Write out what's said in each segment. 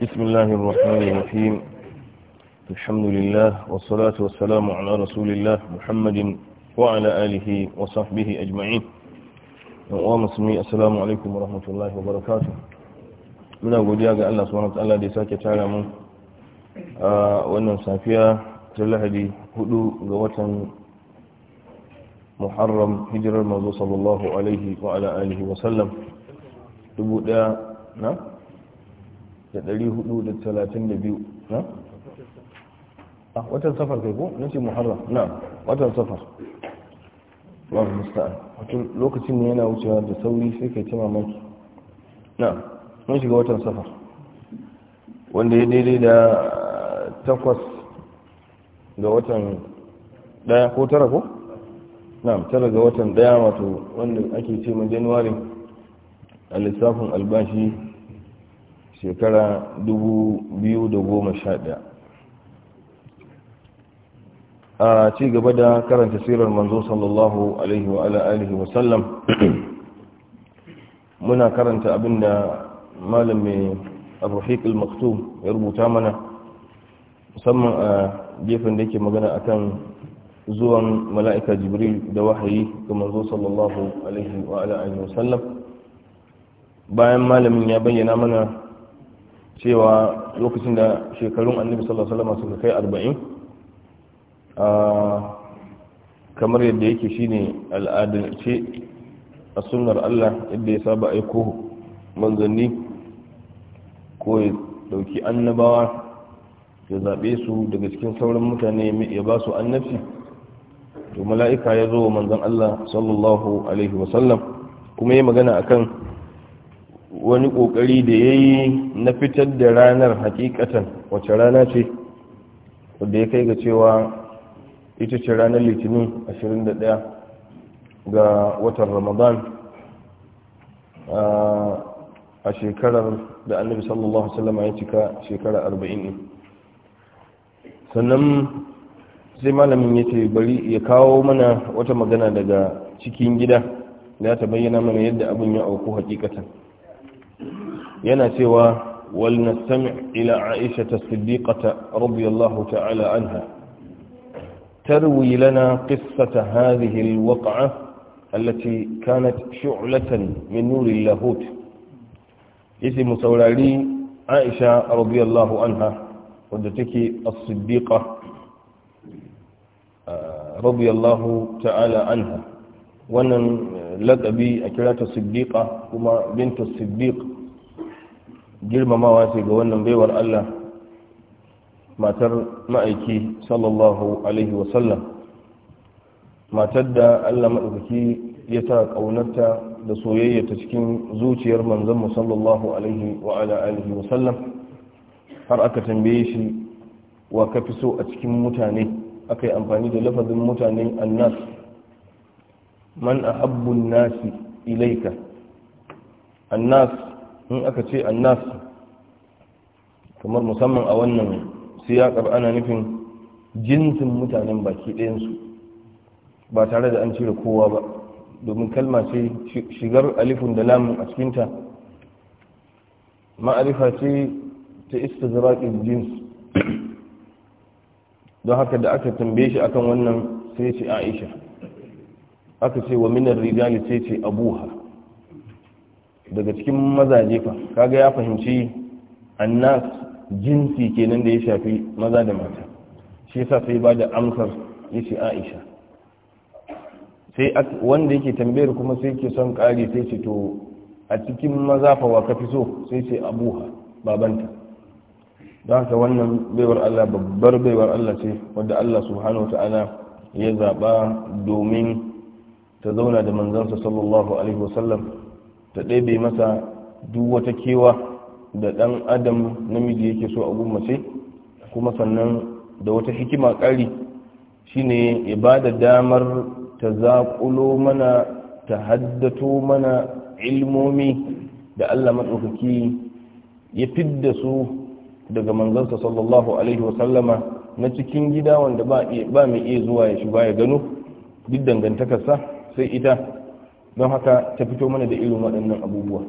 بسم الله الرحمن الرحيم الحمد لله والصلاة والسلام على رسول الله محمد وعلى آله وصحبه أجمعين ومسمي السلام عليكم ورحمة الله وبركاته muna godiya ga Allah subhanahu wataala da ya sake tara mu a wannan safiya ta Lahadi huɗu ga watan Muharram hijirar manzo sallallahu alaihi wa ala wa dubu daya na da ɗari hudu da talatin da biyu na? a ah, watan safar kai ko? na ce muharram na watan safar ba su musta'an wato lokacin ne yana wucewa da sauri sai kai ta mamaki na mun shiga watan safar wanda ya daidai da takwas ga watan daya ko tara ko? na tara ga watan daya wato wanda ake ce ma januwarin a lissafin albashi shekara da goma sha ɗaya a ci gaba da karanta sirar manzo sallallahu alaihi wa alihi wasallam muna karanta abinda da mai arruhik al-maktum ya rubuta mana musamman a gefen da yake magana akan zuwan mala'ika jibril da wahayi ga manzo sallallahu alaihi wa alihi wasallam bayan malamin ya bayyana mana cewa lokacin da shekarun annabi sallallahu alaihi wasallam suka kai arba'in kamar yadda yake shine al'adance a sunnar Allah yadda ya saba aiko manzanni ko ya dauki annabawa ya zaɓe su daga cikin sauran mutane ya ba su annabci to mala'ika ya zo manzon Allah sallallahu alaihi wasallam kuma ya magana akan wani kokari da ya yi na fitar da ranar hakikatan wace rana ce wadda ya kai ga cewa ita ce ranar litinin 21 ga watan ramadan a shekarar da annabi sallallahu alaihi ya cika shekara 40 sannan sai malamin ya ce bari ya kawo mana wata magana daga cikin gida da ta bayyana mana yadda abin ya auku hakikatan yana cewa ولنستمع إلى عائشة الصديقة رضي الله تعالى عنها تروي لنا قصة هذه الوقعة التي كانت شعلة من نور اللاهوت اسم سولاري عائشة رضي الله عنها ودتك الصديقة آه، رضي الله تعالى عنها wannan lakabi a kira ta siddiqa kuma bintu siddiq girmamawa ce ga wannan baiwar Allah matar ma'aiki sallallahu alaihi wasallam matar da Allah maɗaukaki ya sa ƙaunarta da soyayyata cikin zuciyar manzanmu sallallahu alaihi wa ala alihi wasallam har aka tambaye shi wa kafi so a cikin mutane aka yi amfani da lafazin mutane annas man ahabbun nasi ilaika annas in aka ce annas kamar musamman a wannan siyakar ana nufin jinsin mutanen baki ɗayansu ba tare da an cire kowa ba domin kalma ce shigar alifin da lamun a cikinta ma'arifa ce ta ista zaraƙin jins don haka da aka tambaye shi akan wannan sai ce aisha aka ce wa minar rijali sai ce abuha daga cikin mazaje fa kaga ya fahimci annas jinsi kenan da ya shafi maza da mata shi yasa sai ba da amsar yace Aisha sai wanda yake tambayar kuma sai ke son kare sai ce to a cikin maza fa wa fi so sai ce abuha babanta don haka wannan baiwar Allah babbar baiwar Allah ce wadda Allah subhanahu wata'ala ya zaba domin ta zauna da manzansa sallallahu alaihi wasallam ta ɗebe masa duk wata kewa da ɗan adam namiji yake so a gummace kuma sannan da wata hikima ƙari shine ya ba da damar ta zaƙulo mana ta haddato mana ilmomi da allah matsaukaki ya fidda su daga manzansa sallallahu alaihi wasallama na cikin gida wanda ba mai iya zuwa ya shiga ya gano duk dangantakarsa sai ita don haka ta fito mana da irin waɗannan abubuwa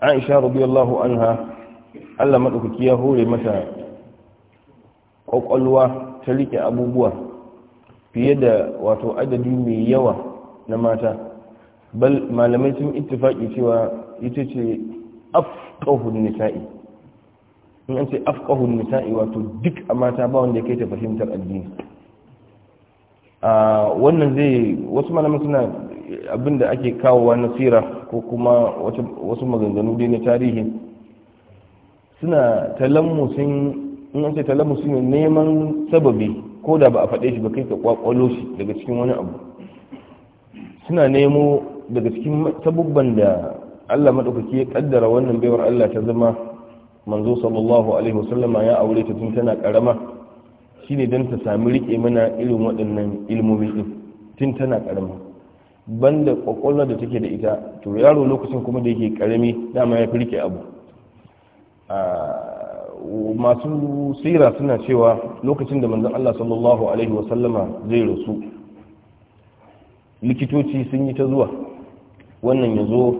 aisha radiyallahu anha Allah maɗaukaki ya hore mata ƙwaƙwalwa ta riƙe abubuwa fiye da wato adadi mai yawa na mata bal malamai sun ittifaƙi cewa ita ce afƙahun nisa'i in an ce afƙahun nisa'i wato duk a mata ba wanda ya kai ta fahimtar addini wannan zai wasu malaman suna abinda ake kawowa na sira ko kuma wasu maganganu dai na tarihi suna talammusin in an ce talammusin ne neman sababi ko da ba a faɗe shi ba kai ka kwakwalo shi daga cikin wani abu suna nemo daga cikin sabubban da Allah maɗaukaki ya kaddara wannan baiwar Allah ta zama manzo sallallahu alaihi wasallama ya aure ta tun tana karama shi ne don ta sami rike mana irin waɗannan ilmomi ɗin tun tana ƙarama banda ƙwaƙwalwar da take da ita to yaro lokacin kuma da yake ƙarami dama ya fi rike abu masu sira suna cewa lokacin da manzon Allah sallallahu alaihi wasallama zai rasu likitoci sun yi ta zuwa wannan ya zo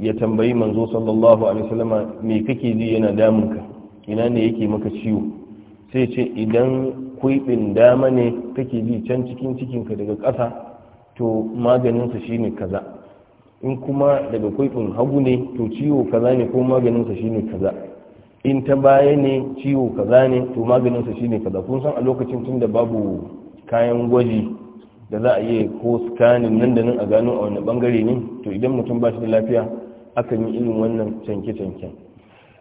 ya tambayi manzo sallallahu alaihi wasallama me kake ji yana damunka ina ne yake maka ciwo sai ce idan kuibin dama ne kake ji can cikin cikinka daga kasa to maganinsa shine kaza in kuma daga kuibin hagu ne to ciwo kaza ne ko maganinsa shine kaza in ta baya ne ciwo kaza ne to maganinsa shine kaza kun san a lokacin tun da babu kayan gwaji da za a yi ko scanning nan da nan a gano a wani bangare ne to idan mutum ba shi da lafiya akan yi irin wannan canke canke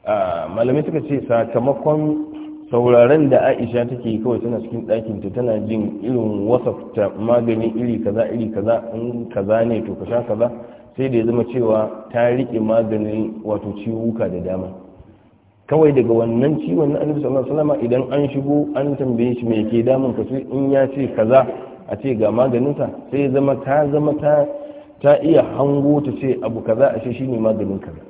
ah, malamai suka ce sakamakon sauraren da aisha take kawai tana cikin ɗakin ta tana jin irin wasafta magani iri kaza iri kaza in kaza ne to ka sha kaza sai da ya zama cewa ta riƙe maganin wato ciwuka da dama kawai daga wannan ciwon na annabi sallallahu alaihi wasallam idan an shigo an tambaye shi me ke damun ka sai in ya ce kaza a ce ga maganin maganinsa sai zama ta zama ta ta iya hango ta ce abu kaza a ce shine maganin kaza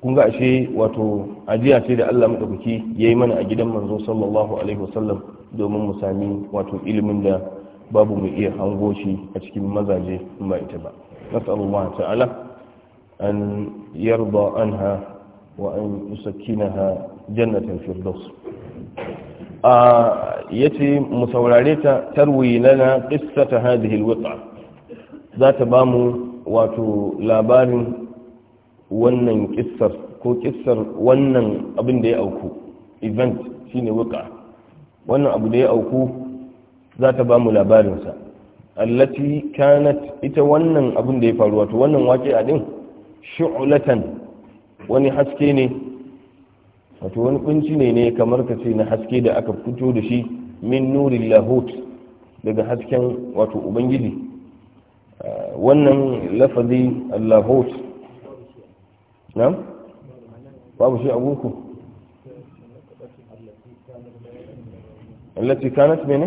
kun ga ashe wato ajiya ce da Allah madaukaki yayi mana a gidan manzo sallallahu alaihi wasallam domin mu sami wato ilimin da babu mu iya hango shi a cikin mazaje in ba ita ba nas'alullah ta'ala an yarda anha wa an yusakkinaha jannatan firdaus a yace mu saurare ta tarwi lana qissata hadhihi alwiqa za ta bamu wato labarin wannan kissar ko kisar wannan abin da ya auku event shine wuka wannan abu da ya auku za ta ba mu labarinsa allati kanat ita wannan abin da ya faru wato wannan wake a ɗin shi'ulatan wani haske ne wato wani kunci ne ne kamar ka ce na haske da aka fito da shi min nurin lahut daga hasken wato ubangiji wannan lafazi lahut na'am babu shi a gunku allati kanat mene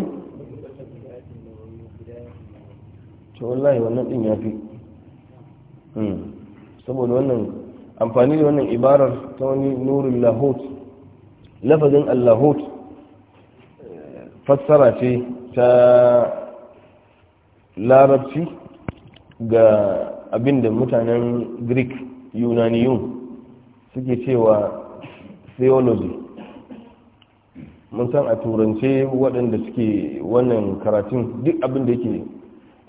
to wallahi wannan din yafi hmm. saboda wannan amfani da wannan ibarar ta wani nurin lahot lafazin allahot fassara ce ta larabci ga abin da mutanen greek yunaniyun suke cewa theology mun san a turance waɗanda suke wannan karatun duk abin da yake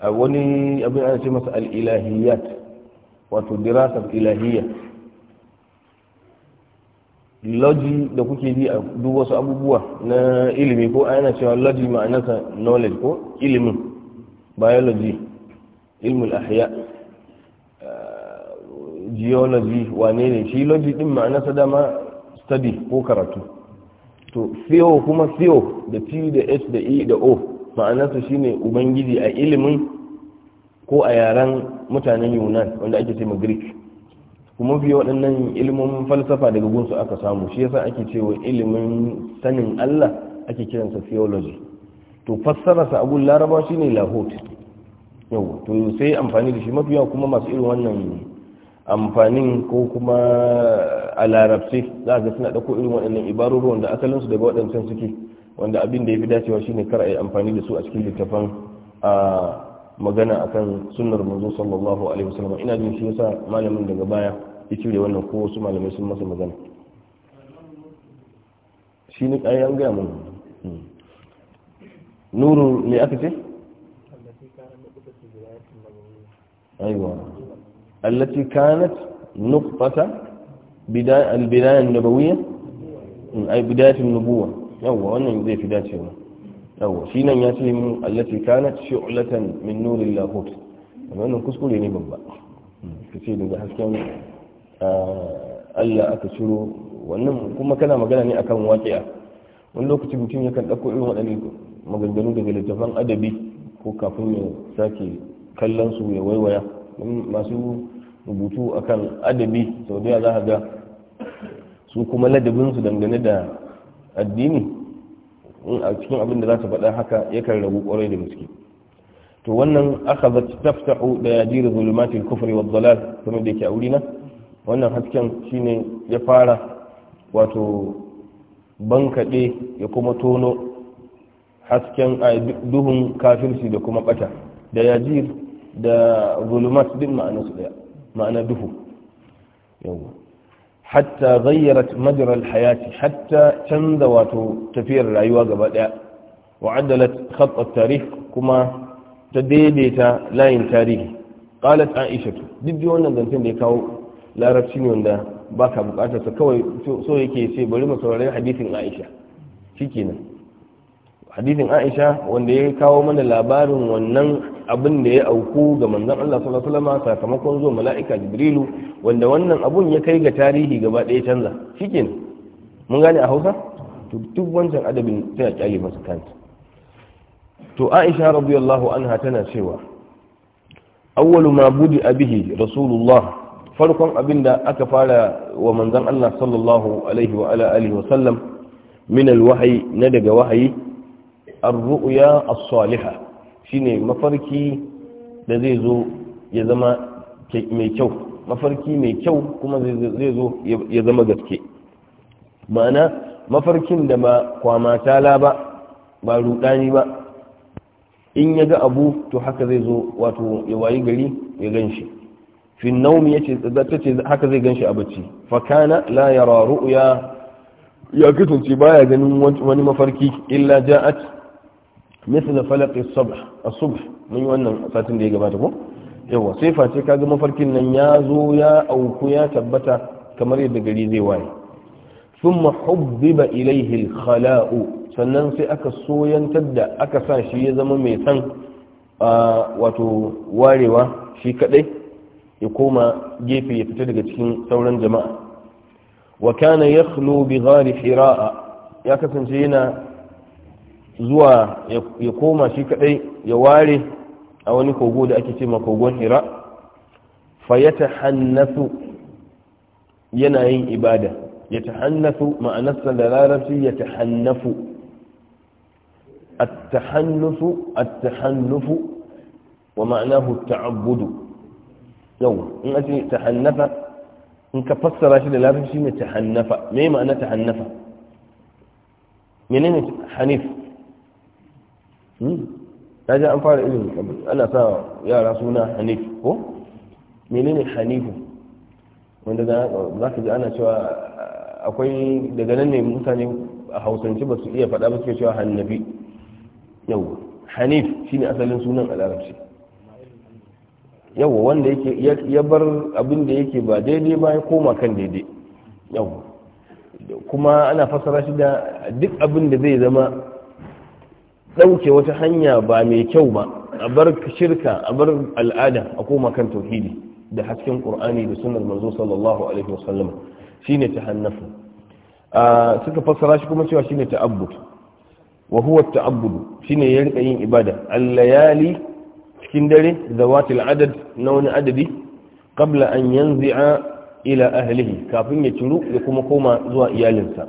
a wani abin ana ce masa al'ilahiyat wato dirasar ilahiyya logi da kuke ji a duk wasu abubuwa na ilimi ko ana cewa logi ma'anarsa knowledge ko ilimin biology ilmul ahya geology wane ne shi logi din ma'ana sa dama study ko karatu to theo kuma theo da t da h da e da o sa shine ubangiji a ilimin ko a yaren mutanen yunan wanda ake cewa ma greek kuma fiye waɗannan ilimin falsafa daga gunsu aka samu shi yasa ake cewa ilimin sanin allah ake kiransa theology to fassararsa a laraba shine lahot yau to sai amfani da shi mafiya kuma masu irin wannan amfanin ko kuma a larabci za ga suna ɗauko irin waɗannan ibaruru wanda asalinsu daga waɗancan suke wanda abin da ya fi dacewa shine kar a yi amfani da su a cikin littafan a magana akan sunar manzo sallallahu alaihi wasallam ina jin shi yasa malamin daga baya ya cire wannan ko wasu malamai sun masa magana shi ne ƙayan gaya mun hmm. nuru ne aka ce aiwa التي كانت نقطة بداية البداية النبوية أي بداية النبوة أو أن في أو شينا التي كانت شعلة من نور اللاهوت wannan kuskure ne ce daga hasken Allah aka ciro wannan kuma kana magana ne akan waƙiya wani lokaci mutum yakan ɗauko irin waɗannan maganganu daga littafan adabi ko kafin ya sake kallon su ya waiwaya masu rubutu akan adabi sau da za a ga su kuma ladabinsu dangane da addini in a cikin abin da za su faɗa haka yakan rabu ƙwarai da gaske to wannan aka za ta taftahu da jira zulmatin kufri wa dalal kuma da yake a na wannan hasken shine ya fara wato bankaɗe ya kuma tono hasken a duhun kafirci da kuma ɓata da ya jir da zulumat din ma'anarsu ɗaya ma'ana duhu yawa hatta zayyarat majral hayati hatta canza wato tafiyar rayuwa gaba daya wa adalat khatt kuma ta daidaita layin tarihi qalat aisha duk da wannan zancen da ya kawo larabci ne wanda baka bukatar sa kawai so yake ce bari mu saurari hadisin aisha shikenan hadisin aisha wanda ya kawo mana labarin wannan abin da ya auku ga manzon Allah sallallahu alaihi wasallam sakamakon zuwa mala'ika Jibrilu wanda wannan abun ya kai ga tarihi gaba ɗaya canza shikenan mun gane a Hausa to duk wancan adabin tana kyale masa kanta to Aisha radiyallahu anha tana cewa awwalu ma budi abihi rasulullah farkon abin da aka fara wa manzon Allah sallallahu alaihi wa ala alihi wa sallam min alwahyi na daga wahayi الرؤيا الصالحة shine mafarki da zai zo ya zama mai kyau mafarki mai kyau kuma zai zo ya zama gaske ma'ana mafarkin da ba tala ba ba rudani ba in ya ga abu to haka zai zo wato ya wayi gari ya gan shi fin naumi ya ce haka zai gan shi a bacci fakana la ya ya kasance baya ganin wani mafarki illa ja'at misal falaqi subh as-subh mun yi wannan satin da ya gabata ko yawa sai face kaga mafarkin nan ya zo ya auku ya tabbata kamar yadda gari zai waye thumma hubbiba ilayhi al-khala'u sannan sai aka soyantar da aka sa shi ya zama mai son wato warewa shi kadai ya koma gefe ya fita daga cikin sauran jama'a wakana kana yakhlu bi ghari hira'a ya kasance yana zuwa ya koma shi kadai ya ware a wani kogo da ake ce kogon hira Fa fayata hannasu yanayin ibada ya ta hannasu ma'anasta da larabci ya ta hannafu attahannufu attahannufu wa ma'anahu ta'abbudu yau in a ce ta'annafa in ka fassara shi da larabci ne ta'annafa me ma'ana ta'annafa menene hanif ta hmm? ji an fara ilimin kabir ana sa yara suna hanif ko menene hanifu wanda za ka ji ana cewa akwai daga nan ne mutane a hausance ba su iya fada ba su cewa hannabi yau hanif ne asalin sunan a larabci yawa wanda yake ya bar abin da yake ba daidai ba ya koma kan daidai yau kuma ana fassara shi da duk abin da zai zama ɗauke wata hanya ba mai kyau ba a bar shirka a bar al'ada a koma kan tauhidi da hasken qur'ani da sunnar manzo sallallahu alaihi wasallam shine suka fassara shi kuma cewa shine ta'abbud wa huwa ta'abbudu shine ya rika yin ibada allayali cikin dare zawatil adad na wani adadi qabla an yanzi'a ila ahlihi kafin ya ciru ya kuma koma zuwa iyalinsa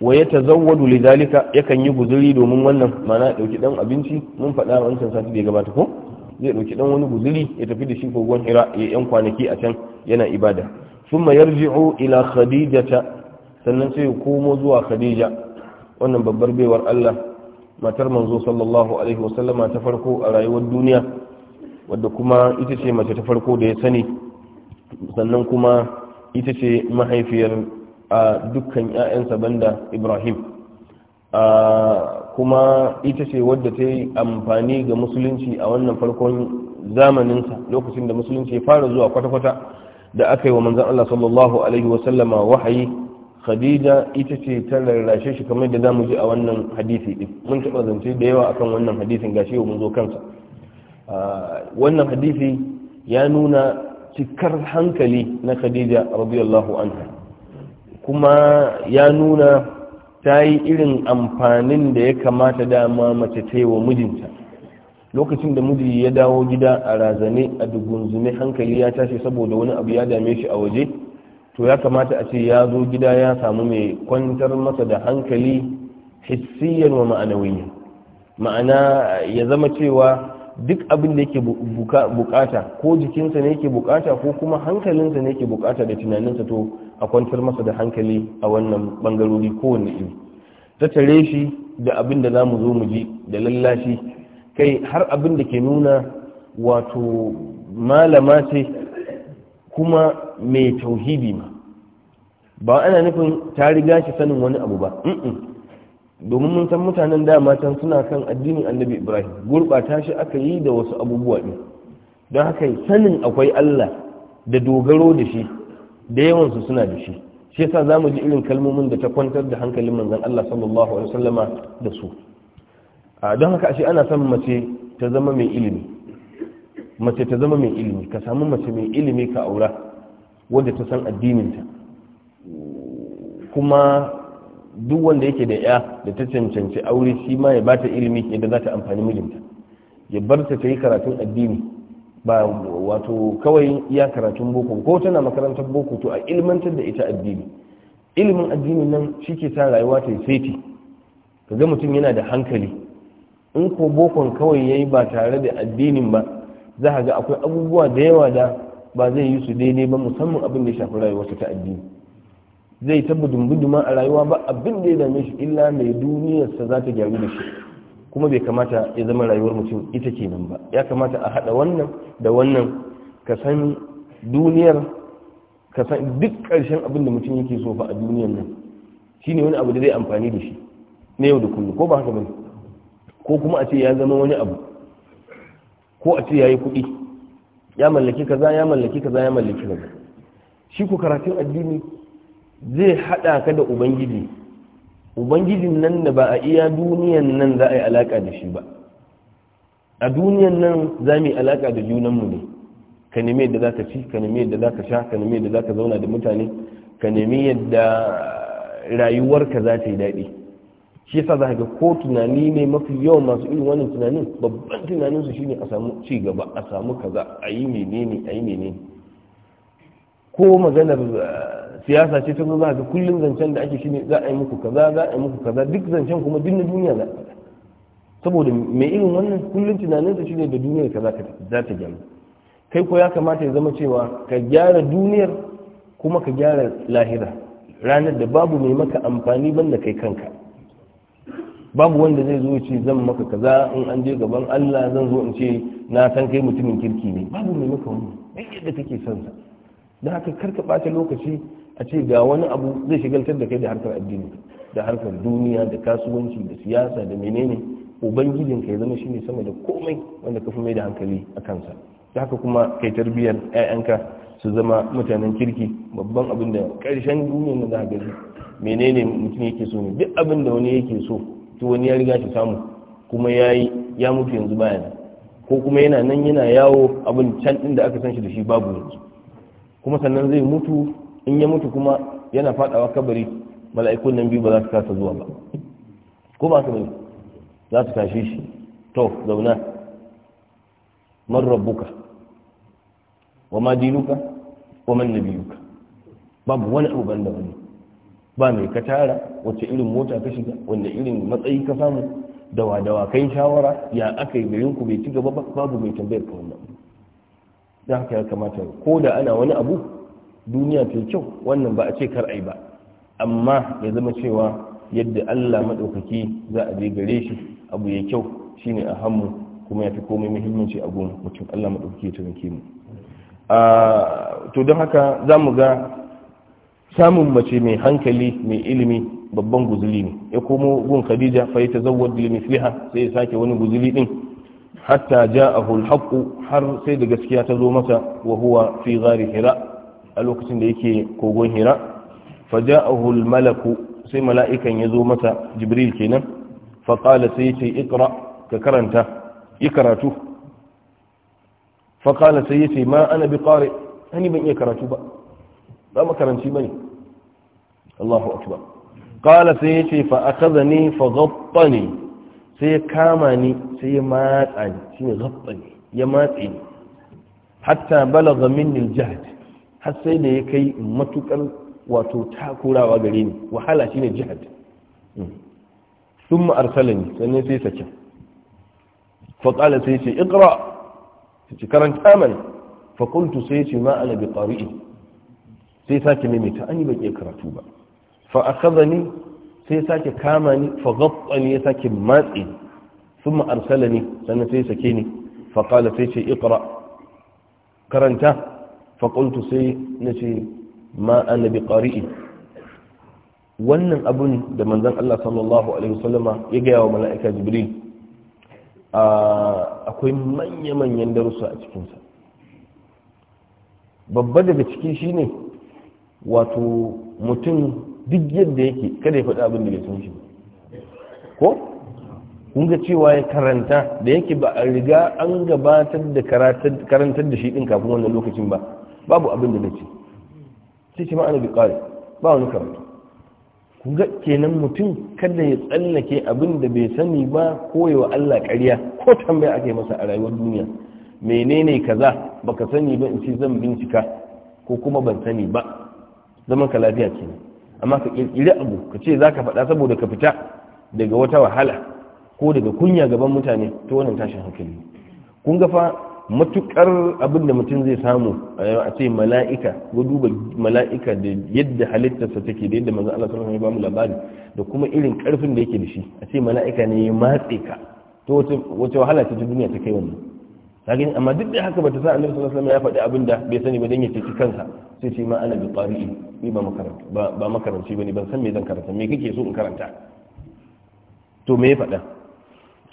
wa ya tazawwadu lidhalika yakan yi guzuri domin wannan mana dauki dan abinci mun faɗa wancan sati da gabata ko zai dauki dan wani guzuri ya tafi da shi kogon Hira ya yan kwanaki a can yana ibada thumma yarji'u ila khadijata sannan sai ya komo zuwa khadija wannan babbar baiwar Allah matar manzo sallallahu alaihi wasallama ta farko a rayuwar duniya wadda kuma ita ce mace ta farko da ya sani sannan kuma ita ce mahaifiyar a dukkan 'ya'yansa banda ibrahim kuma ita ce wadda ta yi amfani ga musulunci a wannan farkon zamaninsa lokacin da musulunci ya fara zuwa kwata-kwata da aka yi wa manzan Allah sallallahu Alaihi wasallama wahayi khadija ita ce ta rarrashe shi kamar da zamu ji a wannan hadisi din mun taɓa zance da yawa akan wannan hadisin gashi mun zo kansa wannan hadisi ya nuna cikar hankali na khadija radiyallahu anha kuma ya nuna ta yi irin amfanin da ya kamata dama mace ta yi wa mijinta lokacin da miji ya dawo gida a razane a dugunzume hankali ya tashi saboda wani abu ya dame shi a waje to ya kamata a ce ya zo gida ya samu mai kwantar masa da hankali hissiyar wa ma'anawiyan ma'ana ya zama cewa duk abin da yake bukata ko jikinsa ne yake bukata ko kuma hankalinsa ne yake bukata da tunaninsa to a kwantar masa da hankali a wannan bangarori kowane iri ta tare shi da abin da za mu zo mu ji da lallashi kai har abin da ke nuna wato malama ce kuma mai tauhidi ma ba ana nufin ta riga shi sanin wani abu ba domin mun san mutanen dama can suna kan addinin annabi ibrahim gurɓata shi aka yi da wasu abubuwa ɗin don haka sanin akwai allah da dogaro da shi da yawansu suna da shi shi yasa za mu ji irin kalmomin da ta kwantar da hankalin manzon Allah sallallahu alaihi wasallama da su don haka ashe ana son mace ta zama mai ilimi mace ta zama mai ilimi ka samu mace mai ilimi ka aura wanda ta san addininta kuma duk wanda yake da ya da ta cancanci aure shi ma ya bata ilimi yadda za ta amfani mijinta ya bar ta ta yi karatun addini ba wato kawai ya karatun boko ko tana makarantar boko to a ilmantar da ita addini ilimin addini nan shi ke sa rayuwa ta yi saiti ga mutum yana da hankali in ko bokon kawai ya yi ba tare da addinin ba za ka ga akwai abubuwa da yawa da ba zai yi su daidai ba musamman abin da ya shafi rayuwarsa ta addini zai ta buduma a rayuwa ba abin da ya dame shi illa mai duniyarsa za ta gyaru da shi kuma bai kamata ya zama rayuwar mutum ita ke nan ba ya kamata a haɗa wannan da wannan ka san duniyar ka san duk ƙarshen abin da mutum yake so fa a duniyar nan shine wani abu da zai amfani da shi na yau da kullum ko ba haka ba ko kuma a ce ya zama wani abu ko a ce ya yi kuɗi ya mallaki kaza ya mallaki kaza ya mallaki kaza shi ku karatun addini zai haɗa ka da ubangiji ubangijin nan da ba a iya duniyan nan za a yi alaka da shi ba a duniyan nan za mu yi alaka da junanmu ne ka nemi yadda za ka ci ka nemi yadda za ka sha ka nemi yadda za ka zauna da mutane ka nemi yadda rayuwarka za ta yi daɗi shi yasa za ka ga ko tunani ne mafi yawan masu irin wannan tunanin babban tunaninsu shine a samu ci gaba a samu kaza a yi menene a yi menene ko maganar eh, siyasa ce ta zo za ga kullum zancen da ake shine za a yi muku kaza za a yi muku kaza duk zancen kuma duk na duniya za saboda mai irin wannan kullum tunanin da shine da duniyar kaza za ta gyara kai ko ya kamata ya zama cewa ka gyara duniyar kuma ka gyara lahira ranar da babu mai maka amfani ban da kai kanka babu wanda zai zo ce zan maka kaza in an je gaban Allah zan zo in ce na san kai mutumin kirki ne babu mai maka wani yadda kake son sa da haka karka ɓata lokaci a ce ga wani abu zai shigaltar da kai da harkar addini da harkar duniya da kasuwanci da siyasa da menene ubangijin ka ya zama shine sama da komai wanda ka fi mai da hankali a kansa da haka kuma kai tarbiyyar 'ya'yanka su zama mutanen kirki babban abin da ƙarshen duniyar da za a menene mutum yake so ne duk abin da wani yake so to wani ya riga shi samu kuma ya ya mutu yanzu baya ko kuma yana nan yana yawo abin can ɗin da aka san shi da shi babu yanzu kuma sannan zai mutu in ya mutu kuma yana fadawa kabari mala'ikun nan biyu ba za su kasa zuwa ba ko ba su ne? za su tashi shi to zauna man rabbuka wa ma dinuka wa man nabiyuka babu wani abu banda wani ba mai ka tara wacce irin mota ka shiga wanda irin matsayi ka samu dawa dawa kai shawara ya aka yi garin ku bai ci gaba babu mai tambayar ka wannan don haka ya kamata ko da ana wani abu duniya ta kyau wannan ba a ce kar ai ba amma ya zama cewa yadda Allah maɗaukaki za a je gare shi abu ya kyau shi ne a hannu kuma ya fi komai muhimmanci a gun mutum Allah maɗaukaki ya ta zanke mu to don haka za mu ga samun mace mai hankali mai ilimi babban guzuli ne ya komo gun khadija fa ya ta li sai ya sake wani guzuli din hatta ja'ahu al-haqq har sai da gaskiya ta zo masa wa huwa fi ghari hira a lokacin da yake kogon hira fa ja'ahu al-malaku sai mala'ikan ya zo masa jibril kenan fa qala sai yace iqra ka karanta yi karatu fa qala sai yace ma ana bi qari ani ban iya karatu ba ba makaranci bane Allahu akbar qala sai yace fa akhadhani fa ghattani sai ya kama ni sai ya matsa ni shi ne zaɓani ya matse ni hatta balaga minni aljahd har sai da ya kai matukar wato takurawa gare ni wahala shine jihad hmm. thumma ne sannan sai sake fa qala sai ce iqra sai karanta mana fa qultu sai ce ma ana bi qari'in sai sake maimaita ani ba ke karatu ba fa ni. sai sake kama ni fa ya sake matsi ma'arsala ne sannan sai sake ni faƙala sai ce iqra karanta faƙuntu sai nace ce ana bi wannan abun da manzan Allah sallallahu alaihi wasallama ya gaya wa mala'ika jibril akwai manya-manyan darussa a cikinsa babba daga ciki shine wato mutum duk yadda yake kada ya faɗi abin da bai san shi ko kun ga cewa ya karanta da yake ba a riga an gabatar da karantar da shi din kafin wannan lokacin ba babu abin da nace sai ce ma'ana bi qari ba wani karatu kun ga kenan mutum kada ya tsallake abin da bai sani ba ko yawa Allah ƙarya ko tambaya ake masa a rayuwar duniya menene kaza baka sani ba in ce zan bincika ko kuma ban sani ba zaman ka lafiya kenan amma ka kirkiri abu ka ce za ka faɗa saboda ka fita daga wata wahala ko daga kunya gaban mutane ta wannan tashin hankali kun ga fa matukar abin da mutum zai samu eh, a ce mala'ika ko duba mala'ika da yadda halittarsa take da yadda manzon Allah sallallahu alaihi wasallam ya labari da kuma irin karfin da yake da shi a ce mala'ika ne ya matse ka to wace wahala ce ta duniya ta kai wannan kage amma duk da haka bata sa annabi sallallahu alaihi wasallam ya faɗi abinda bai sani ba dan ya tafi kansa sai ce ma ana bi qari'i ni ba makaranta ba ba makaranci bane ban san me zan karanta me kake so in karanta to me ya faɗa da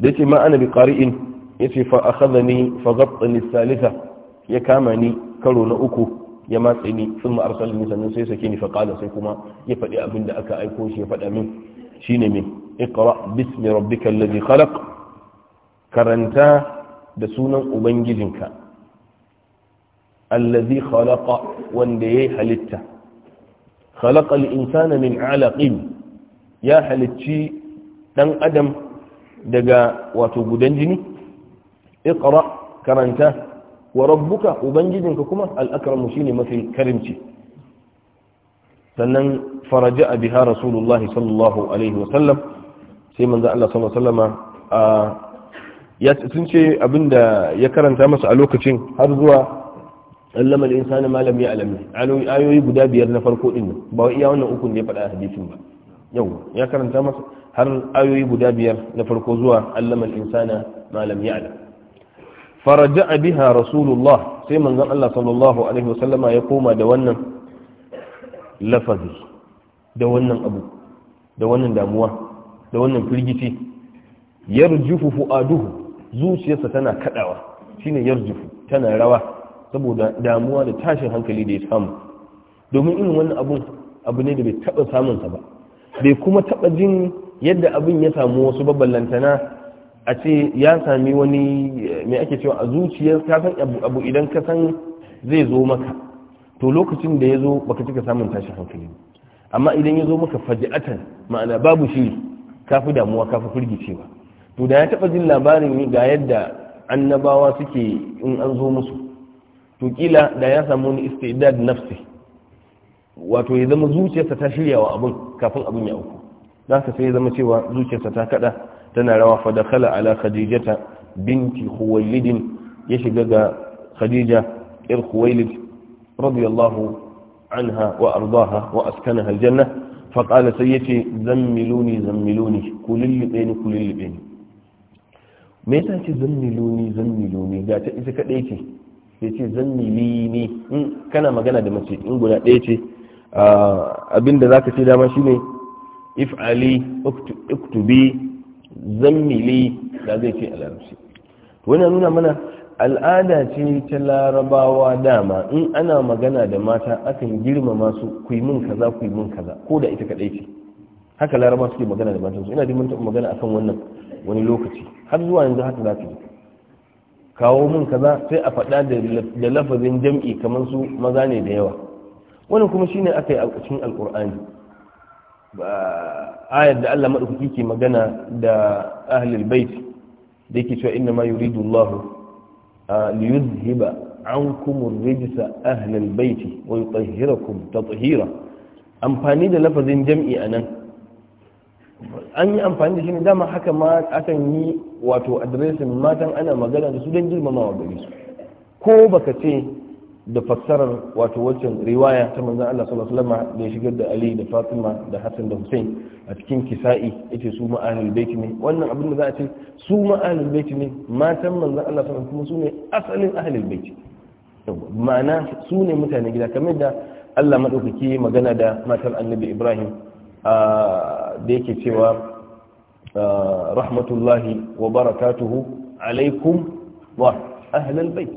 yace ma ana bi qari'in yace fa akhadhani fa ghattani thalitha ya kama ni karo na uku ya matse ni sun arsalni sannan sai sake ni fa qala sai kuma ya faɗi abinda aka aiko shi ya faɗa min shine me iqra bismi rabbikal ladhi khalaq karanta da sunan ubangijinka allazi khalaqa wanda yi halitta khalaqa al-insana min 'alaqin ya halicci dan adam daga wato gudan jini iqra karanta wa rabbuka ubangijinka kuma al-akramu shine mafi karimci sannan a biha rasulullahi sallallahu alaihi wa sallam sai manzo Allah sallallahu alaihi wa sallama a sun ce abinda ya karanta masa a lokacin har zuwa allama da insani malam ya alami ayoyi guda biyar na farko din ba iya wannan ukun da ya faɗa a hadisin ba yau ya karanta masa har ayoyi guda biyar na farko zuwa allama da insani malam ya alam faraja biha rasulullah sai manzon Allah sallallahu alaihi wasallama ya koma da wannan lafazi da wannan abu da wannan damuwa da wannan firgici yarjufu fu'aduhu zuciyarsa tana kadawa shine yarjufu tana rawa saboda damuwa da tashin hankali da ya samu domin irin wannan abun abu ne da bai taba samun sa ba bai kuma taba jin yadda abin ya samu wasu babbalantana a ce ya sami wani eh, mai ake cewa a zuciyar ka san abu idan ka san zai zo maka to lokacin da ya zo baka cika samun tashin hankali amma idan ya zo maka faji'atan ma'ana babu shi kafi damuwa kafi firgicewa to da ya taɓa jin labarin ga yadda annabawa suke in an zo musu to kila da ya samu wani istidad nafsi wato ya zama zuciyarsa ta shirya wa abin kafin abin ya auku za ka sai ya zama cewa zuciyarsa ta kada tana rawa fa dakhala ala khadijata binti khuwailid ya shiga ga khadija ir khuwailid radiyallahu anha wa ardaha wa askanaha aljanna fa qala sayyati zammiluni zammiluni kulilli bayni kulilli bayni me yasa ce zammiluni zammiluni ga ta ita kadai ce ya ce zammilini in hmm, kana magana da mace in guda ɗaya ce ah, abinda zaka ce dama shine if ali uktubi zammili da zai ce a larabci wannan nuna mana al'ada ce ta larabawa dama in ana magana da mata akan girmama su ku yi mun kaza ku yi mun kaza ko da ita kadai ce haka larabawa suke magana da matansu ina jin mun taɓa magana akan wannan wani lokaci har zuwa yanzu haka za ta ji kawo mun kaza sai a faɗa da lafazin jam'i kamar su maza ne da yawa wani kuma shine aka yi a cikin alkur'ani ayar da Allah madaukaki ke magana da ahlul bait da yake cewa inna ma yuridu Allah li yuzhiba ankum ar-rijsa ahlul bait wa yutahhirakum tatheera amfani da lafazin jam'i anan an yi amfani da shi ne dama haka ma akan yi wato adiresin matan ana magana da su don girmamawa gari su ko baka ce da fassarar wato waccan riwaya ta manzan Allah sallallahu alaihi wasallam da ya shigar da Ali da Fatima da Hassan da Hussein a cikin kisa'i yace su ma ahlul bait ne wannan abin da za a ce su ma ahlul bait ne matan manzan Allah sallallahu alaihi wasallam kuma su ne asalin ahlul bait ma'ana su ne mutane gida kamar da Allah madaukake magana da matar Annabi Ibrahim a ah, da yake cewa ah, rahmatullahi wa barakatuhu alaikum wa ahlal bait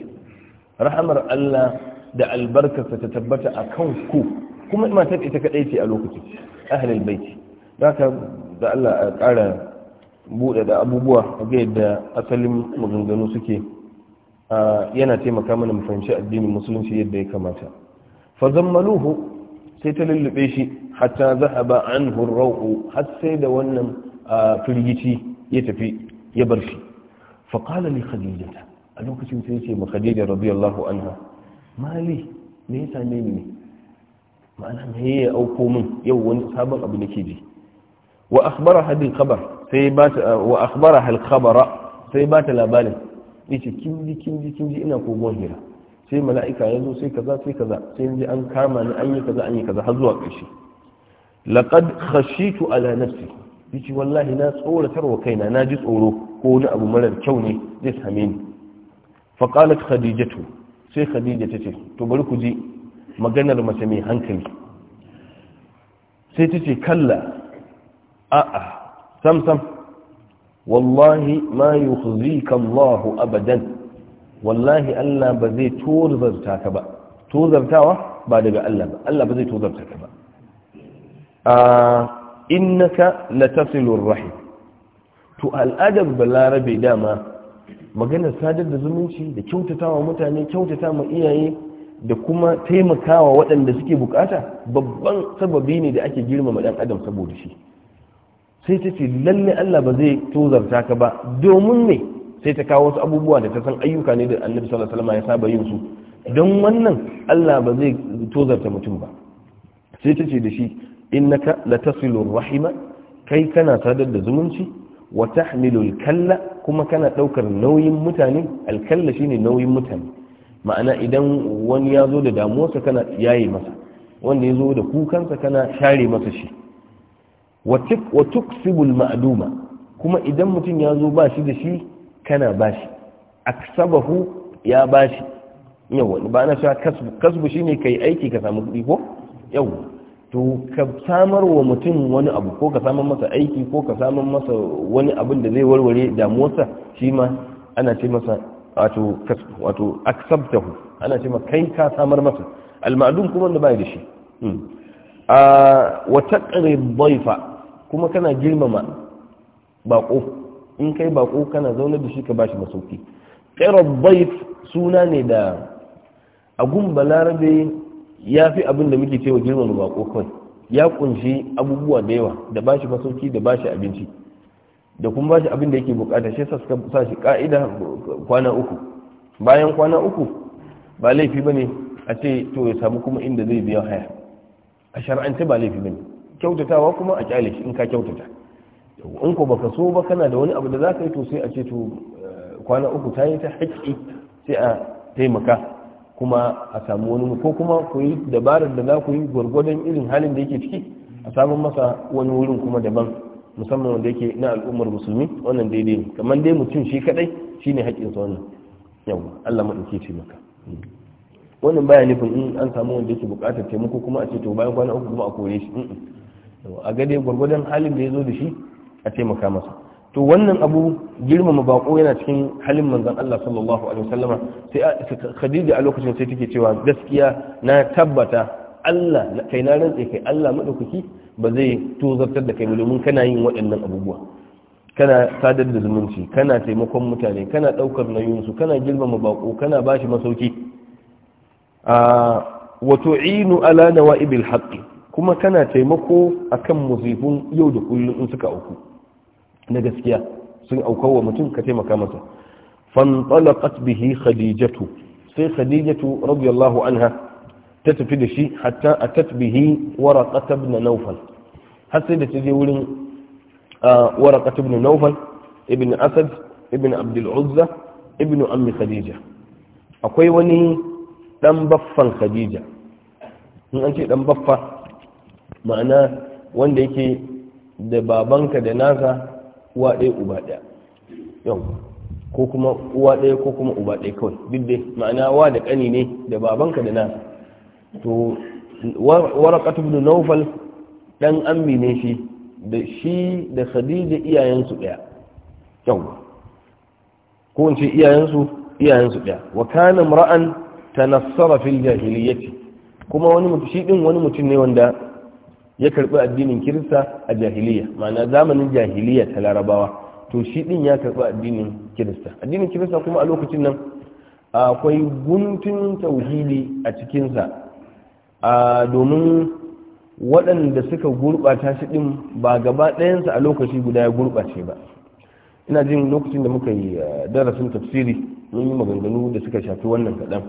rahamar Allah da albarka ta tabbata akan ku kuma matar ita kadai ce a lokacin ahlal bait zaka da Allah a kara buɗe da abubuwa ga yadda asalin maganganu suke ah, yana taimaka mana mu fahimci addinin musulunci yadda ya kamata fa zammaluhu sai ta lullube shi hatta a ba ar-rawhu har sai da wannan firgici ya tafi ya bar shi fa qala li khadijata a lokacin sai ce ma khadija radiyallahu anha mali ne ya same ni ma'ana me ya auko min yau wani sabon abu nake ji wa akhbara hadin khabar sai ba ta wa akhbara hal khabara sai ba ta labarin yace kin ji kin ji kin ji ina kogon hira sai mala'ika ya zo sai kaza sai kaza sai ji an kama ni an yi kaza an yi kaza har zuwa ƙarshe laqad khashitu ala nafsi yace wallahi na tsoratar wa kaina na ji tsoro ko wani abu marar kyau ne zai same ni fa qalat khadijatu sai khadija tace to bari ku ji maganar mace mai hankali sai ce kalla a'a sam sam wallahi ma yukhzika Allah abadan wallahi Allah ba zai tozarta ka ba tozartawa ba daga Allah ba Allah ba zai tozarta ka ba A innaka latasilur rahim to al'adar balarabe dama maganar sadar da zumunci da kyautatawa mutane kyautatawa iyaye da kuma taimakawa waɗanda suke bukata babban sababi ne da ake girmama ɗan adam saboda shi sai ta ce lalle Allah ba zai tozarta ka ba domin me. sai ta kawo wasu abubuwa da ta san ayyuka ne da annabi sallallahu alaihi wasallam ya saba yin su don wannan Allah ba zai tozarta mutum ba sai ta ce da shi innaka latasilur rahima kai kana sadar da zumunci wa tahmilul kalla kuma kana daukar nauyin mutane alkalla shine nauyin mutane ma'ana idan wani ya zo da damuwarsa kana yaye masa wanda ya zo da kukansa kana share masa shi wa tuksibul ma'duma kuma idan mutum ya zo ba shi da shi kana bashi aksabahu ya bashi yawa ba na sha kasbu kasbu shine kai aiki ka samu kudi ko yawa to ka samar wa mutum wani abu ko ka samar masa aiki ko ka samar masa wani abin da zai warware damuwarsa shi ma ana ce masa wato kasbu wato aksabtahu ana ce kai ka samar masa al kuma da bai da shi hmm. a ah, wa taqrib dhaifa kuma kana girmama bako in kai bako kana zaune da shi ka bashi masauki qirab bayt suna ne da agun balarabe ya fi abin da muke cewa girman bako kawai ya kunshi abubuwa da yawa da bashi masauki da bashi abinci da kuma bashi abin da yake bukata shi sa suka sa shi ka'ida kwana uku bayan kwana uku ba laifi bane a ce to ya samu kuma inda zai biya haya a shar'ance ba laifi bane kyautatawa kuma a kyale shi in ka kyautata in ko baka so ba kana da wani abu da za ka yi to sai a ce to eh, kwana uku ta yi ta haƙƙi sai a taimaka kuma a samu wani ko kuma ku yi dabarar da za ku yi gwargwadon irin halin da yake ciki a samun masa wani wurin kuma daban musamman wanda yake na al'ummar musulmi wannan daidai ne kamar dai mutum shi kadai ne haƙƙin sa wannan yawa Allah madauke ce maka wannan baya nufin in an samu wanda yake buƙatar taimako kuma a ce to bayan kwana uku kuma a kore shi a ga dai gwargwadon halin da ya zo da shi a taimaka masa to wannan abu girmama bako yana cikin halin manzon Allah sallallahu alaihi wasallama sai Khadija a lokacin sai take cewa gaskiya na tabbata Allah kai na rantse kai Allah madaukaki ba zai tozartar da kai domin kana yin waɗannan abubuwa kana sadar da zumunci kana taimakon mutane kana ɗaukar su kana girmama bako kana bashi masauki wa tu'inu ala nawa'ibil haqqi kuma kana taimako akan musibun yau da kullum in suka auku na gaskiya sun aukawa mutum ka taimaka masa fantalaqat bihi khadijatu sai khadijatu radiyallahu anha ta tafi da shi hatta atat bihi waraqat ibn nawfal har sai da ta wurin waraqat ibn nawfal ibn asad ibn abdul uzza ibn ammi khadija akwai wani dan baffan khadija in an ce dan baffa ma'ana wanda yake da babanka da nasa uwa ɗaya uba ɗaya yau ko kuma uwa ɗaya ko kuma uba ɗaya kawai duk dai ma'ana wa da ƙani ne da babanka da nasa to warakatu ibn naufal ɗan ammi ne shi da shi da khadija iyayensu ɗaya yau ko in ce iyayensu iyayensu ɗaya wa kana ta tanassara fil jahiliyyati kuma wani mutum shi din wani mutum ne wanda ya karɓi addinin kirista a jahiliya ma'ana zamanin jahiliya ta larabawa to shi din ya karɓi addinin kirista addinin kirista kuma a lokacin nan akwai guntun tauhili a cikinsa domin waɗanda suka gurɓata shi din ba gaba ɗayansa a lokaci guda ya gurɓace ba ina jin lokacin da muka yi eh, darasin tafsiri mun yi maganganu da suka shafi wannan kaɗan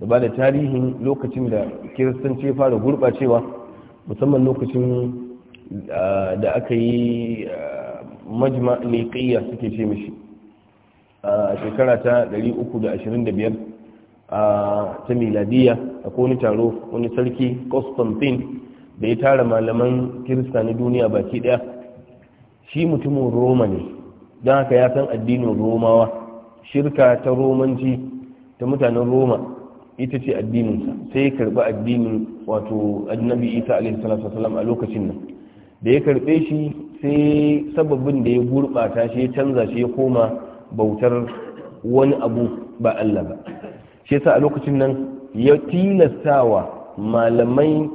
da ba da tarihin lokacin da kiristanci ya fara gurɓacewa musamman lokacin da aka yi majma liqiyya suke ce mishi a shekara ta 325 ta miladiya a wani taro wani sarki constantine da ya tara malaman kirista na duniya baki daya shi mutumin roma ne don haka ya san addinin romawa shirka ta romanci ta mutanen roma ita ce addininsa sai ya karbi addinin wato annabi isa alaihi salatu a lokacin nan da ya karbe shi sai sababin da ya gurbata shi ya canza shi ya koma bautar wani abu ba Allah ba shi yasa a lokacin nan ya tilastawa malamai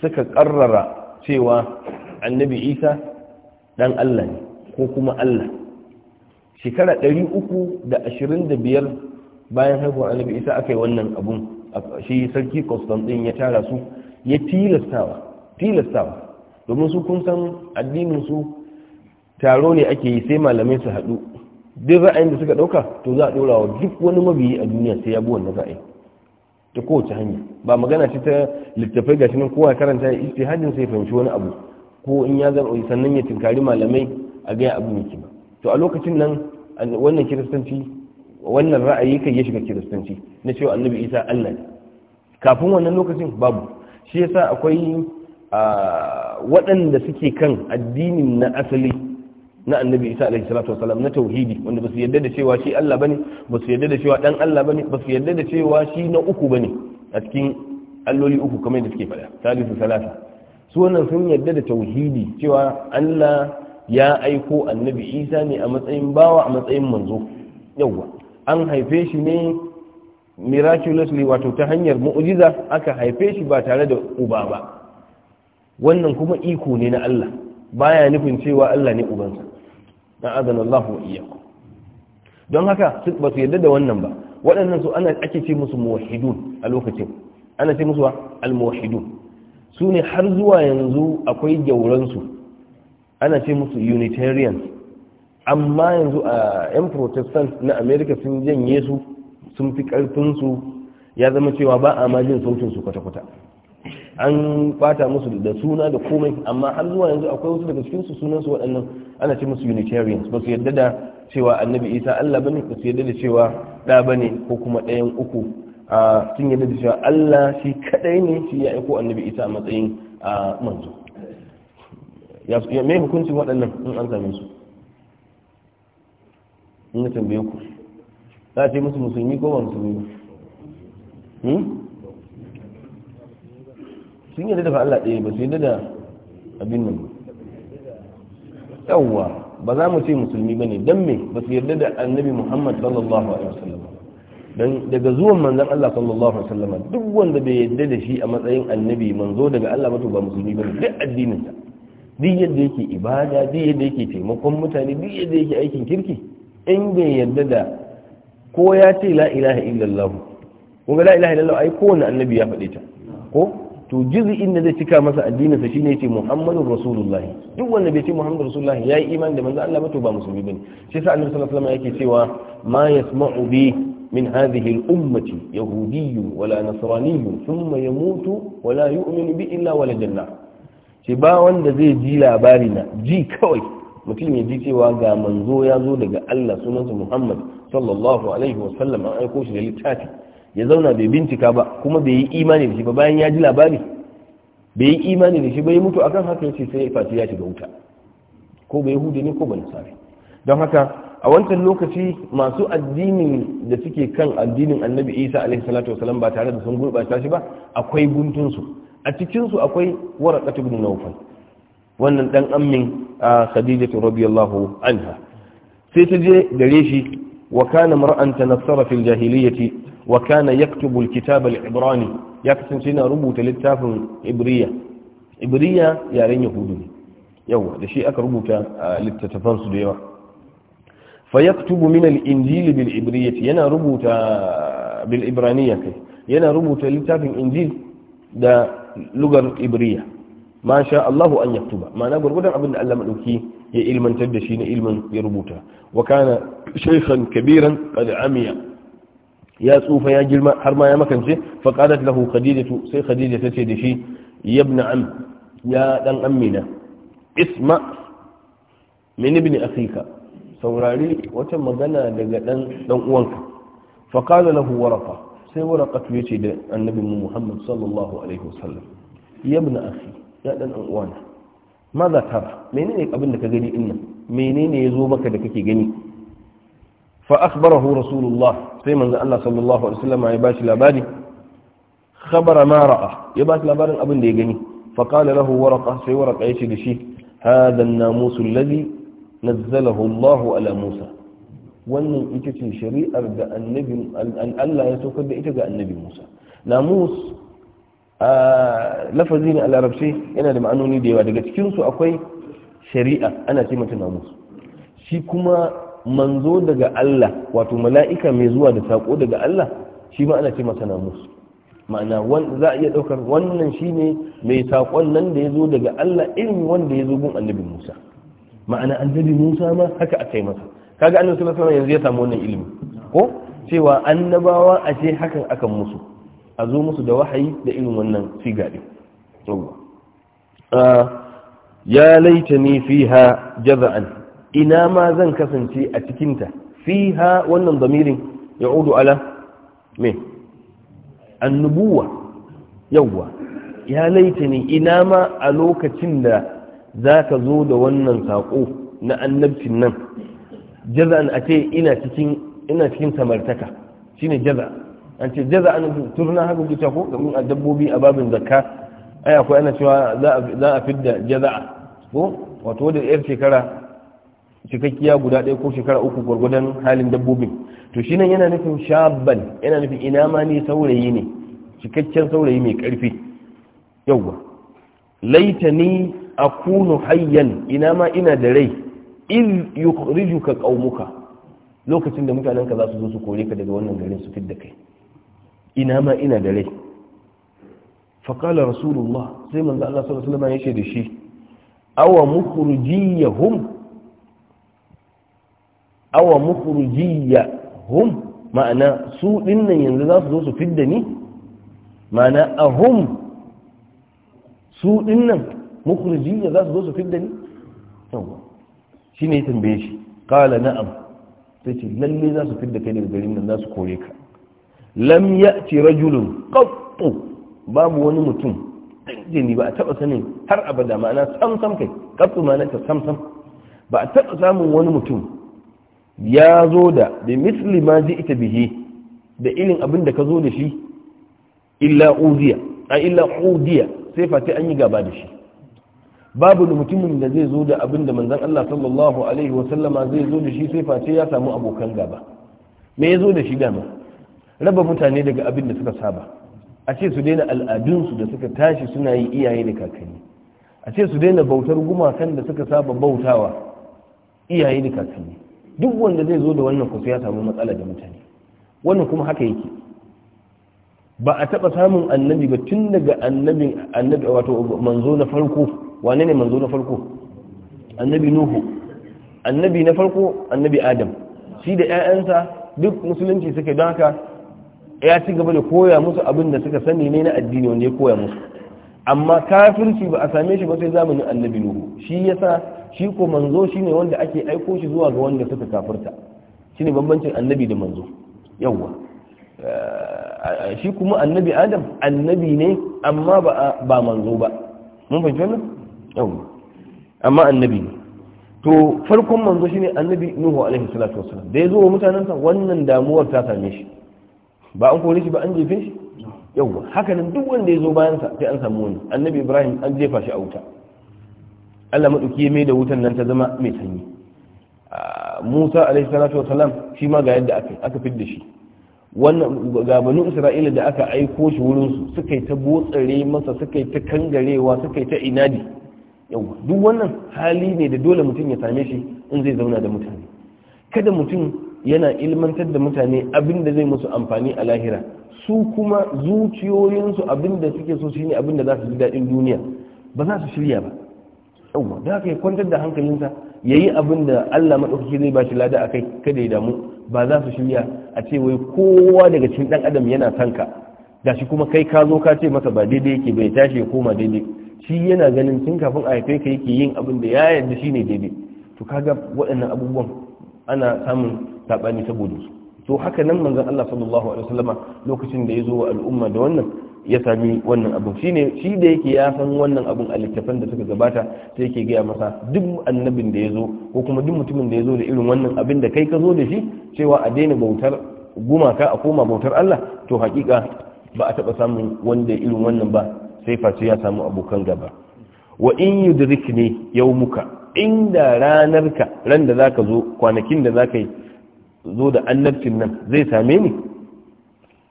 suka karrara cewa annabi isa dan Allah ne ko kuma Allah shekara 325 bayan haihuwar annabi isa aka yi wannan abun shi sarki din ya tara su ya tilastawa tilastawa domin su kun san addinin su taro ne ake yi sai malamai su hadu duk ra'ayin da suka dauka to za a dora wa duk wani mabiyi a duniya sai ya bi wannan ra'ayi ta kowace hanya ba magana ce ta littafai ga nan kowa karanta ya ijtihadin sai fahimci wani abu ko in ya zaɓa sannan ya tinkari malamai a gaya abu mai ba to a lokacin nan wannan kiristanci wannan ra'ayi kai ya shiga kiristanci na cewa annabi isa allah ne kafin wannan lokacin babu shi yasa akwai waɗanda suke kan addinin na asali na annabi isa alaihi salatu wasalam na tauhidi wanda basu su yarda da cewa shi allah bane basu su yarda da cewa dan allah bane basu su yarda da cewa shi na uku bane a cikin alloli uku kamar da suke faɗa salisu salasa su wannan sun yarda da tauhidi cewa allah ya aiko annabi isa ne a matsayin bawa a matsayin manzo yawwa an haife shi ne miraculously wato ta hanyar mu'ujiza aka haife shi ba tare da uba ba wannan kuma iko ne na Allah baya nufin cewa Allah ne ubansa na azan Allah wa don haka su ba su yarda da wannan ba waɗannan su ana ake ce musu muwahidun a lokacin ana ce musu al muwahidun su ne har zuwa yanzu akwai gyauransu ana ce musu unitarians amma yanzu a 'yan protestant na america sun janye su sun fi ƙarfinsu ya zama cewa ba a majin sautinsu kwata-kwata an bata musu da suna da komai amma har zuwa yanzu akwai wasu daga cikinsu sunansu waɗannan ana ce musu unitarians ba su yadda da cewa annabi isa allah bane ba su yadda da cewa ɗa bane ko kuma ɗayan uku a sun yadda da cewa allah shi kaɗai ne shi ya aiko annabi isa a matsayin manzo ya su mai hukuncin waɗannan in an same su in na tambaye ku za a ce musu musulmi ko ba musulmi hmm? sun yi da Allah ɗaya ba su yi da abin nan yawwa ba za mu ce musulmi ba ne don me ba su yarda da annabi muhammad sallallahu alaihi wasallam don daga zuwan manzan Allah sallallahu alaihi wasallam duk wanda bai yarda da shi a matsayin annabi manzo daga Allah ba to ba musulmi ba ne duk addinin sa duk yadda yake ibada duk yadda yake taimakon mutane duk yadda yake aikin kirki in bai yarda da ko ya ce la ilaha illallah kun ga la ilaha illallah ai kowanne annabi ya faɗe ta ko to juz'in da zai cika masa addinin sa shine yace Muhammadur Rasulullahi duk wanda bai ce Muhammadur Rasulullahi yayi imani da manzo Allah ba to ba musulmi bane shi yasa Annabi sallallahu alaihi wasallam yake cewa ma yasma'u bi min hadhihi al-ummati yahudiyyun wala nasraniyyun thumma yamutu wala yu'minu bi illa wala janna shi ba wanda zai ji labari na ji kawai mutum ya ji cewa ga manzo ya zo daga Allah sunansa Muhammad sallallahu alaihi wa sallam an aiko shi da littafi ya zauna bai bincika ba kuma bai yi imani da shi ba bayan ya ji labari bai yi imani da shi bai mutu akan haka yace sai fati ya shiga wuta ko bai hude ne ko ban sare don haka a wancan lokaci masu addinin da suke kan addinin annabi isa alaihi salatu wasalam ba tare da sun gurɓata shi ba akwai guntunsu a cikinsu akwai warakatu bin nawfal wannan dan ammin khadijatu radiyallahu anha sai ta je gare shi wa kana mar'an tanassara fil jahiliyyati wa kana yaktubu al kitab al ibrani ya kasance yana rubuta littafin ibriya ibriya yaren yahudu ne yawa da shi aka rubuta littattafan su da yawa fa yaktubu min al injili bil ibriyati yana rubuta bil ibraniya kai yana rubuta littafin injil da lugar ibriya ما شاء الله أن يكتب ما نقول قدر أبن علم أنك يا إلما تدشين إلما يربوتها وكان شيخا كبيرا قد عمي يا سوف يا جلما حرما يا مكنسي فقالت له خديجة سي خديجة تدشي يا ابن عم يا لن أمينا اسمع من ابن أخيك سورالي وتم غنى لغلن لن أوانك فقال له ورقة سي ورقة يتد النبي محمد صلى الله عليه وسلم يا ابن أخي ya dan uwana maza za menene abin da ka gani din nan menene ya zo maka da kake gani fa akhbarahu rasulullah sai manzo Allah sallallahu alaihi wasallam ya bashi labari khabara ma ra'a ya bashi labarin abin da ya gani fa qala lahu waraqa sai waraqa yace da shi hadha an-namus alladhi nazzalahu Allah ala Musa wannan ita ce shari'ar da annabin Allah ya saukar da ita ga annabi Musa namus lafazi ne a larabce yana da ma'anoni da yawa daga cikinsu akwai shari'a ana ce mata namus shi kuma manzo daga Allah wato mala'ika mai zuwa da sako daga Allah shi ma ana ce mata namus ma'ana za a iya ɗaukar wannan shi ne mai saƙon nan da ya zo daga Allah irin wanda ya zo gun annabi Musa ma'ana annabi Musa ma haka aka yi masa kaga annabi sallallahu alaihi yanzu ya samu wannan ilimi ko cewa annabawa a ce hakan akan musu a zo musu da wahayi da irin wannan siga din ya laita ni fiha jaza'an ina ma zan kasance a cikinta fiha wannan damirin ya udu ala me annubuwa yawwa ya laita ni ina ma a lokacin da za ka zo da wannan saƙo na annabcin nan jaza'an a ce ina cikin ina cikin samartaka shine an ce jaza an turna haka kuta ko domin a dabbobi a babin zakka ai akwai ana cewa za a fidda jaza'a ko wato da yar shekara cikakkiya guda ɗaya ko shekara uku gwargwadon halin dabbobin to shi nan yana nufin shabban yana nufin ina ma ne saurayi ne cikakken saurayi mai ƙarfi yauwa laita ni a kunu hayyan ina ma ina da rai in yukhrijuka qaumuka lokacin da ka za su zo su kore ka daga wannan garin su fidda kai ina ma ina da rai faƙala rasulullah sai manzo Allah sallallahu alaihi wasallam ya ce da shi awa mukhrujiyahum awa hum? ma'ana su dinnan yanzu za su zo su fidda ni ma'ana a hum? su dinnan mukhrujiyya za su zo su fidda ni shi ne ya tambaye shi qala na'am sai ce lalle za su fidda kai daga garin nan za su kore ka lam ya'ti rajulun qattu babu wani mutum dindini ba a taba sanin har abada ma'ana sam sam kai ma ma'ana ta sam sam ba a taba samun wani mutum ya zo da bi misli ma ita bihi da irin abin da ka zo da shi illa uziya a illa udiya sai fati an yi gaba da shi babu da mutumin da zai zo da abin da manzon Allah sallallahu alaihi wasallama zai zo da shi sai face ya samu abokan gaba me ya zo da shi dama raba mutane daga abin da suka saba a ce su daina al'adunsu da suka tashi suna yi iyaye da kakanni a ce su daina bautar gumakan da suka saba bautawa iyaye da kakanni duk wanda zai zo da wannan kusa ya samu matsala da mutane wannan kuma haka yake ba a taba samun annabi ba tun daga annabin annabi wato manzo na farko wane ne manzo na farko annabi nuhu annabi na farko annabi adam shi da 'ya'yansa duk musulunci suke don haka ya ci gaba da koya musu abin da suka sani ne na addini wanda ya koya musu amma kafirci ba a same shi ba sai zamanin annabi nuhu shi yasa shi ko manzo shine wanda ake aiko shi zuwa ga wanda suka kafirta shine bambancin annabi da manzo yawwa eh, shi kuma annabi adam annabi ne amma ba manzo ba mun fahimci wannan yawwa amma annabi ne to farkon manzo shine annabi nuhu alaihi salatu wasallam da ya zo wa mutanensa wannan damuwar ta same shi ba an kore shi ba an jefe shi yawwa hakanan duk wanda ya zo bayan sa sai an samu wani annabi ibrahim an jefa shi a wuta allah maɗauki ya mai da wutan nan ta zama mai sanyi ah, musa alaihi salatu wasalam shi ma ga yadda aka aka fidda shi wannan ga banu isra'ila da aka aiko shi wurin su suka yi ta botsare masa suka yi ta kangarewa suka yi ta inadi yawwa duk wannan hali ne da dole mutum ya same shi in zai zauna da mutane kada mutum yana ilmantar da mutane abin da zai musu amfani a lahira su kuma zuciyoyinsu abin da suke so shine abin da za su ji daɗin duniya ba za su shirya ba yawwa da haka ya kwantar da hankalinsa ya yi abin da allah maɗaukaki zai ba shi lada a kai kada ya damu ba za su shirya a ce wai kowa daga cikin ɗan adam yana son ka gashi kuma kai ka zo ka ce masa ba daidai yake bai tashi ya koma daidai shi yana ganin tun kafin a haife ka yake yin abin da ya yarda shine daidai to kaga waɗannan abubuwan ana samun saɓani saboda su to haka nan manzon Allah sallallahu alaihi wasallama lokacin da ya zo wa al'umma da wannan ya sami wannan abun shine shi da yake ya san wannan abun a littafan da suka gabata sai yake gaya masa duk annabin da ya zo ko kuma duk mutumin da ya zo da irin wannan abin da kai ka zo da shi cewa a daina bautar gumaka a koma bautar Allah to hakika ba a taba samun wanda irin wannan ba sai face ya samu abokan gaba wa in yau muka. inda ranarka ran da zaka zo kwanakin da zaka yi zo da annabcin nan zai same ni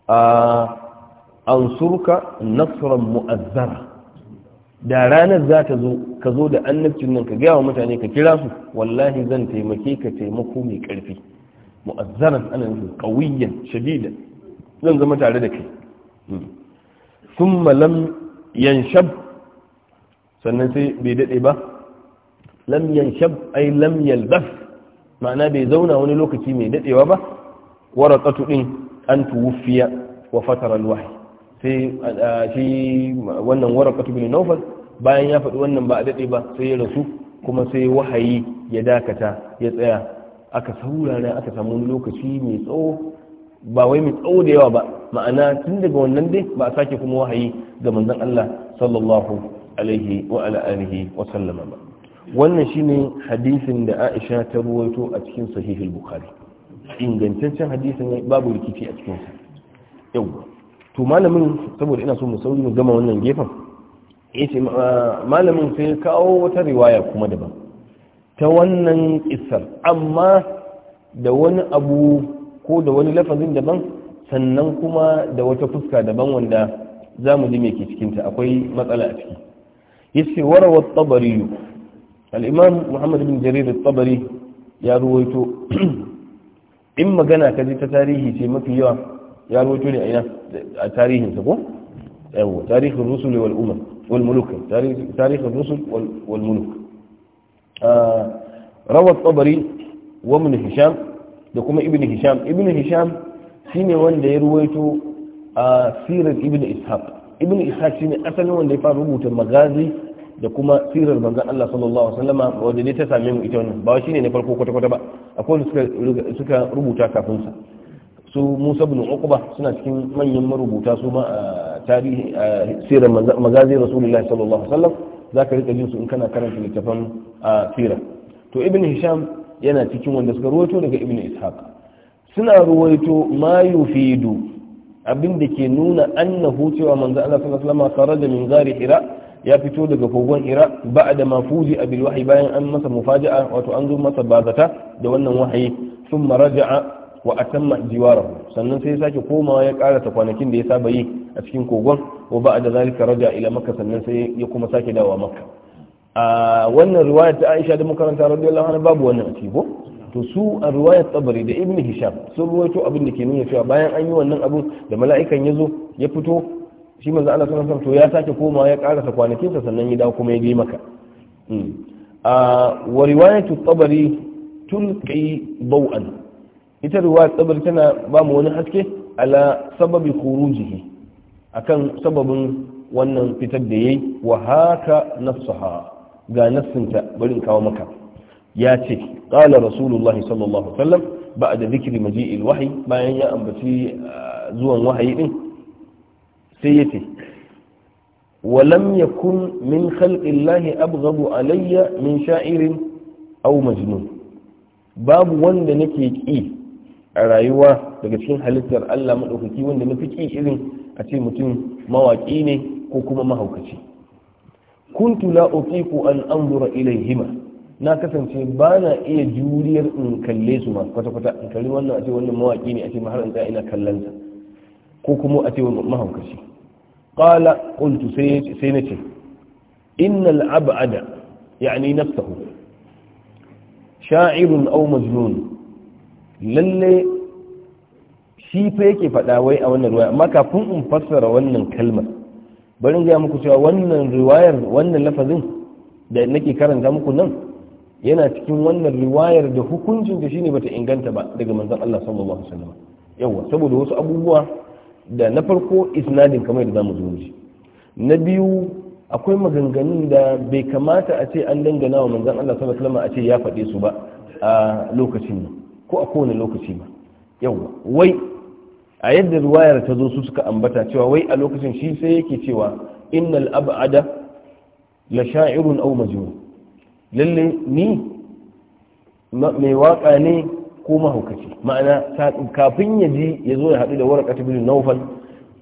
a ansurka nasran mu'azzara da ranar za ta zo ka zo da annabcin nan ka gaya wa mutane ka kira su wallahi zan taimake ka taimako mai karfi mu'azzaran ana nufin kawiyan shadida zan zama tare da kai sun hmm. malam yanshab sannan sai bai daɗe ba lam yanshab ay lam yalbas ma'ana bai zauna wani lokaci mai dadewa ba waraqatu din an tuwfiya wa fatara alwahy sai shi wannan waraqatu bin nawfal bayan ya faɗi wannan ba a dade ba sai ya rasu kuma sai wahayi ya dakata ya tsaya aka saurara aka samu wani lokaci mai tsawo ba wai mai tsawo da yawa ba ma'ana tun daga wannan dai ba a sake kuma wahayi ga manzon Allah sallallahu alaihi wa ala alihi wa sallama ba wannan shine hadisin da aisha ta ruwaito a cikin sahihul bukhari ingantaccen hadisin ne babu rikici a cikinsa yau to malamin saboda ina so mu sauri mu gama wannan gefen yace malamin sai ya kawo wata riwaya kuma daban ta wannan isar. amma da wani abu ko da wani lafazin daban sannan kuma da wata fuska daban wanda za mu ji mai ke cikinta akwai matsala a ciki yace warawa tabariyu الإمام محمد بن جرير الطبري يا رويتو إما جنا كذي تاريخي ما فيها يا رويتو لي أين تاريخهم تقول أيوة، تاريخ الرسل والأمم والملوك تاريخ تاريخ الرسل والملوك آه، روى الطبري ومن هشام دكما ابن هشام ابن هشام سين وان دي رويتو آه، سيرة ابن إسحاق ابن إسحاق سين أسل وان دي فار رموت المغازي da kuma sirar manzon Allah sallallahu alaihi wasallama wanda ne ta same mu ita wannan ba shine ne farko kwata kwata ba akwai wanda suka suka rubuta kafin sa su Musa ibn Uqba suna cikin manyan marubuta su ma a tarihi sirar magazi Rasulullahi sallallahu alaihi wasallam zaka rika jin su in kana karanta littafin sirar to ibn Hisham yana cikin wanda suka ruwaito daga ibn Ishaq suna ruwaito ma yufidu abin da ke nuna annahu cewa manzo Allah sallallahu alaihi wasallam kharaja min gari hira ya fito daga kogon ira ba a da mafuji a bilwahi bayan an masa mufaji'a wato an zo masa bazata da wannan wahayi sun maraja'a wa atamma jiwarahu sannan sai ya sake komawa ya karasa kwanakin da ya saba yi a cikin kogon wa ba a da zalika raja ila makka sannan sai ya kuma sake dawa makka a wannan riwayar ta aisha da makaranta radiyallahu anha babu wannan a ko to su a riwayar tsabari da ibn hisham sun ruwaito abin da ke nuna cewa bayan an yi wannan abin da mala'ikan ya zo ya fito shi manzo Allah sallallahu alaihi wasallam to ya sake koma ya karasa kwanakin sa sannan ya dawo kuma ya bi maka hmm. a wa riwayatu tabari tulqi bau'an ita riwaya tabari tana ba mu wani haske ala sababi khurujihi akan sababin wannan fitar da yayi wa haka nafsaha ga nassinta bari kawo maka ya ce qala rasulullahi sallallahu alaihi wasallam ba'da dhikri maji'il wahyi bayan ya ambaci zuwan wahayi din sai yace walam yakun min khalqillahi abghadu alayya min sha'irin aw majnun babu wanda nake ki a rayuwa daga cikin halittar Allah madaukaki wanda nake ki irin a ce mutum mawaki ne ko kuma mahaukaci kuntu la utiqu an anzura ilayhima na kasance ba na iya juriyar in kalle su ma kwata-kwata in kalli wannan a ce wannan mawaki ne a ce mahar in ina kallon ko kuma a ce mahaukaci qala qultu sai sai nace innal ab'ada yani nafsuhu sha'irun aw majnun lalle shi fa yake faɗa wai a wannan ruwaya amma kafin in fassara wannan kalmar bari ga muku cewa wannan riwayar wannan lafazin da nake karanta muku nan yana cikin wannan riwayar da hukuncin da shine bata inganta ba daga manzon Allah sallallahu alaihi wasallam yawa saboda wasu abubuwa da na farko isnadin kamar da zamu zo shi na biyu akwai maganganun da bai kamata a ce an dangana wa manzon Allah sallallahu alaihi wasallam a ce ya faɗe su ba a lokacin nan ko a kowane lokaci ba yawa wai a yadda ruwayar ta zo su suka ambata cewa wai a lokacin shi sai yake cewa innal ab'ada la sha'irun aw majnun lalle ni mai waka ne ko mahaukaci ma'ana kafin ya ji ya zo ya haɗu da waraka ta naufal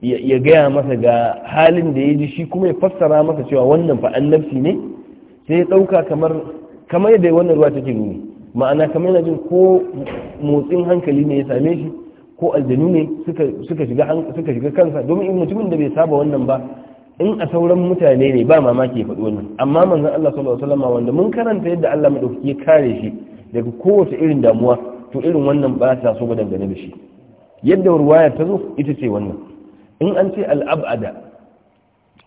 ya gaya masa ga halin da ya ji shi kuma ya fassara masa cewa wannan fa annabci ne sai ya ɗauka kamar kamar yadda wannan ruwa take nuni ma'ana kamar yana jin ko motsin hankali ne ya same shi ko aljanu ne suka shiga kansa domin in mutumin da bai saba wannan ba in a sauran mutane ne ba mamaki ya faɗi wannan amma manzon Allah sallallahu alaihi wasallam wanda mun karanta yadda Allah madaukaki ya kare shi daga kowace irin damuwa to irin wannan ba ta so ba dangane da shi yadda ruwaya ta zo ita ce wannan in an ce al'abada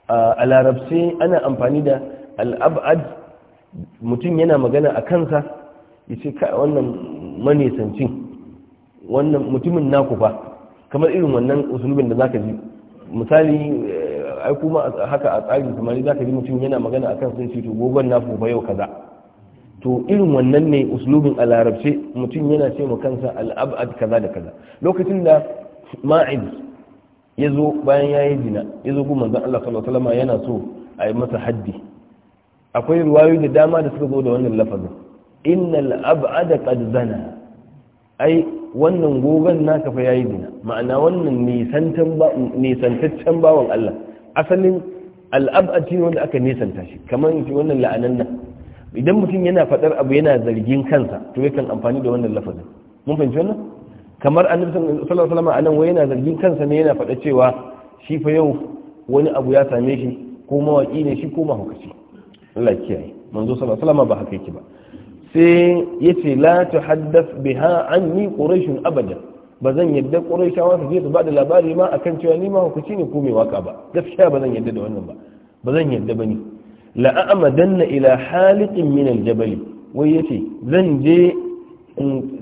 a larabci ana amfani da al'abad mutum yana magana a kansa ya ce ka wannan manisancin wannan mutumin naku fa kamar irin wannan usulubin da zaka ji misali eh, ai kuma haka a tsarin kamar za ka ji mutum yana magana a kansa sun ce to gogon naku fa yau kaza to irin wannan ne uslubin a larabce mutum yana ce ma kansa al'abad kaza da kaza lokacin da ma'id ya zo bayan ya yi zina ya zo kuma zan Allah sallallahu alaihi wasallam yana so a yi masa haddi akwai ruwayoyi da dama da suka zo da wannan lafazin innal ab'ada qad zana ai wannan gogon naka fa yayi zina ma'ana wannan nisantan ba nisantaccen bawan Allah asalin al'ab'ati wanda aka nisanta shi kamar shi wannan la'anan nan idan mutum yana faɗar abu yana zargin kansa to kan amfani da wannan lafazin mun fahimci wannan kamar annabi sallallahu alaihi wasallam anan wai yana zargin kansa ne yana faɗa cewa shi fa yau wani abu ya same shi ko mawaki ne shi ko mahaukaci Allah kiyaye manzo sallallahu alaihi wasallam ba haka yake ba sai yace la tuhaddath biha anni quraish abada ba zan yadda quraishawa su je su bada labari ma akan cewa ni mahaukaci ne ko mai waka ba gaskiya ba zan yadda da wannan ba ba zan yadda ba ni la'amadanna ila haliqin min aljabal wai ce zan je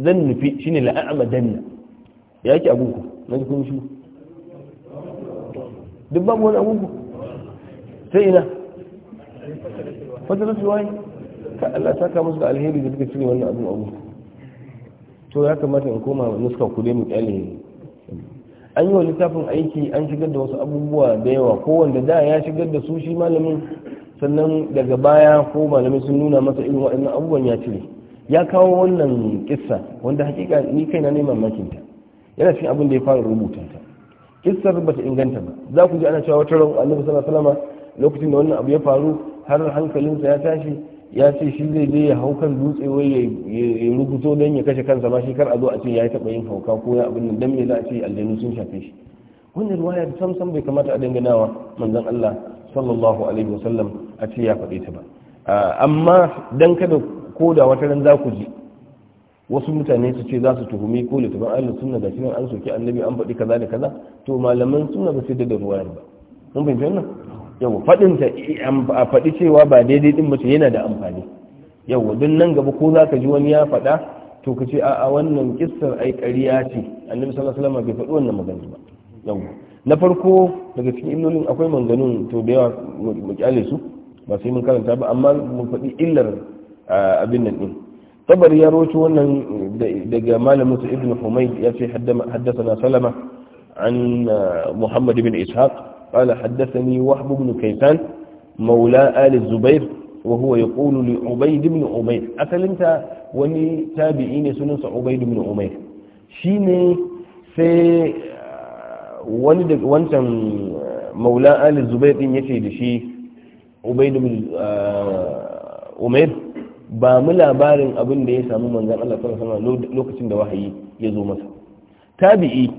zan nufi shine ya yake abunku na kun shi duk babu wani abunku sai ina fatarar suwaye ka Allah saka musu da alheri da suka cire wannan abun abu to ya kamata in koma nuska ku dai mu kyale an yi wa littafin aiki an shigar da wasu abubuwa da yawa kowanda da ya shigar da su shi malamin sannan daga baya ko malamai sun nuna masa irin waɗannan abubuwan ya cire ya kawo wannan kissa wanda hakika ni kai na ne mamakin ta yana cikin abin da ya fara rubuta ta kissar ba ta inganta ba za ku ji ana cewa wata ran annabi sallallahu alaihi wasallam lokacin da wannan abu ya faru har hankalinsa ya tashi ya ce shi zai je ya hau kan dutse wai ya rubuto don ya kashe kansa ba shi kar a zo a ce ya taɓa yin hauka ko ya abin dan me za a ce aljanu sun shafe shi wannan riwaya sam sam bai kamata a wa manzon Allah sallallahu alaihi wasallam a ce ya faɗe ta ba amma dan kada ko da wata ran za ku ji wasu mutane su ce za su tuhumi ko tuban allah sunna da nan an soke annabi an faɗi kaza da kaza to malaman sunna ba su da ruwayar ba mun fahimci wannan yau faɗin ta a faɗi cewa ba daidai din mace yana da amfani yawa don nan gaba ko za ka ji wani ya faɗa to ka ce a wannan kissar ai ƙarya ce annabi sallallahu alaihi wasallam bai faɗi wannan magana ba yau na farko daga cikin illolin akwai manganun to da yawa mu kyale su ba sai mun karanta ba amma mun faɗi illar abin nan ɗin tabar ya roci wannan daga malamin su ibnu humayd ya ce na salama an muhammad ibn ishaq qala haddathani wahb ibn kaysan zubair wa الزبير وهو يقول لعبيد بن عمير asalinta wani tabi'i ne sunansa ubaidu bin umair shi sai wani da wancan maula ali zubair din yace da shi ubaidu uh, umair ba mu labarin abin da ya samu manzan Allah sallallahu alaihi lokacin da wahayi ya zo masa tabi'i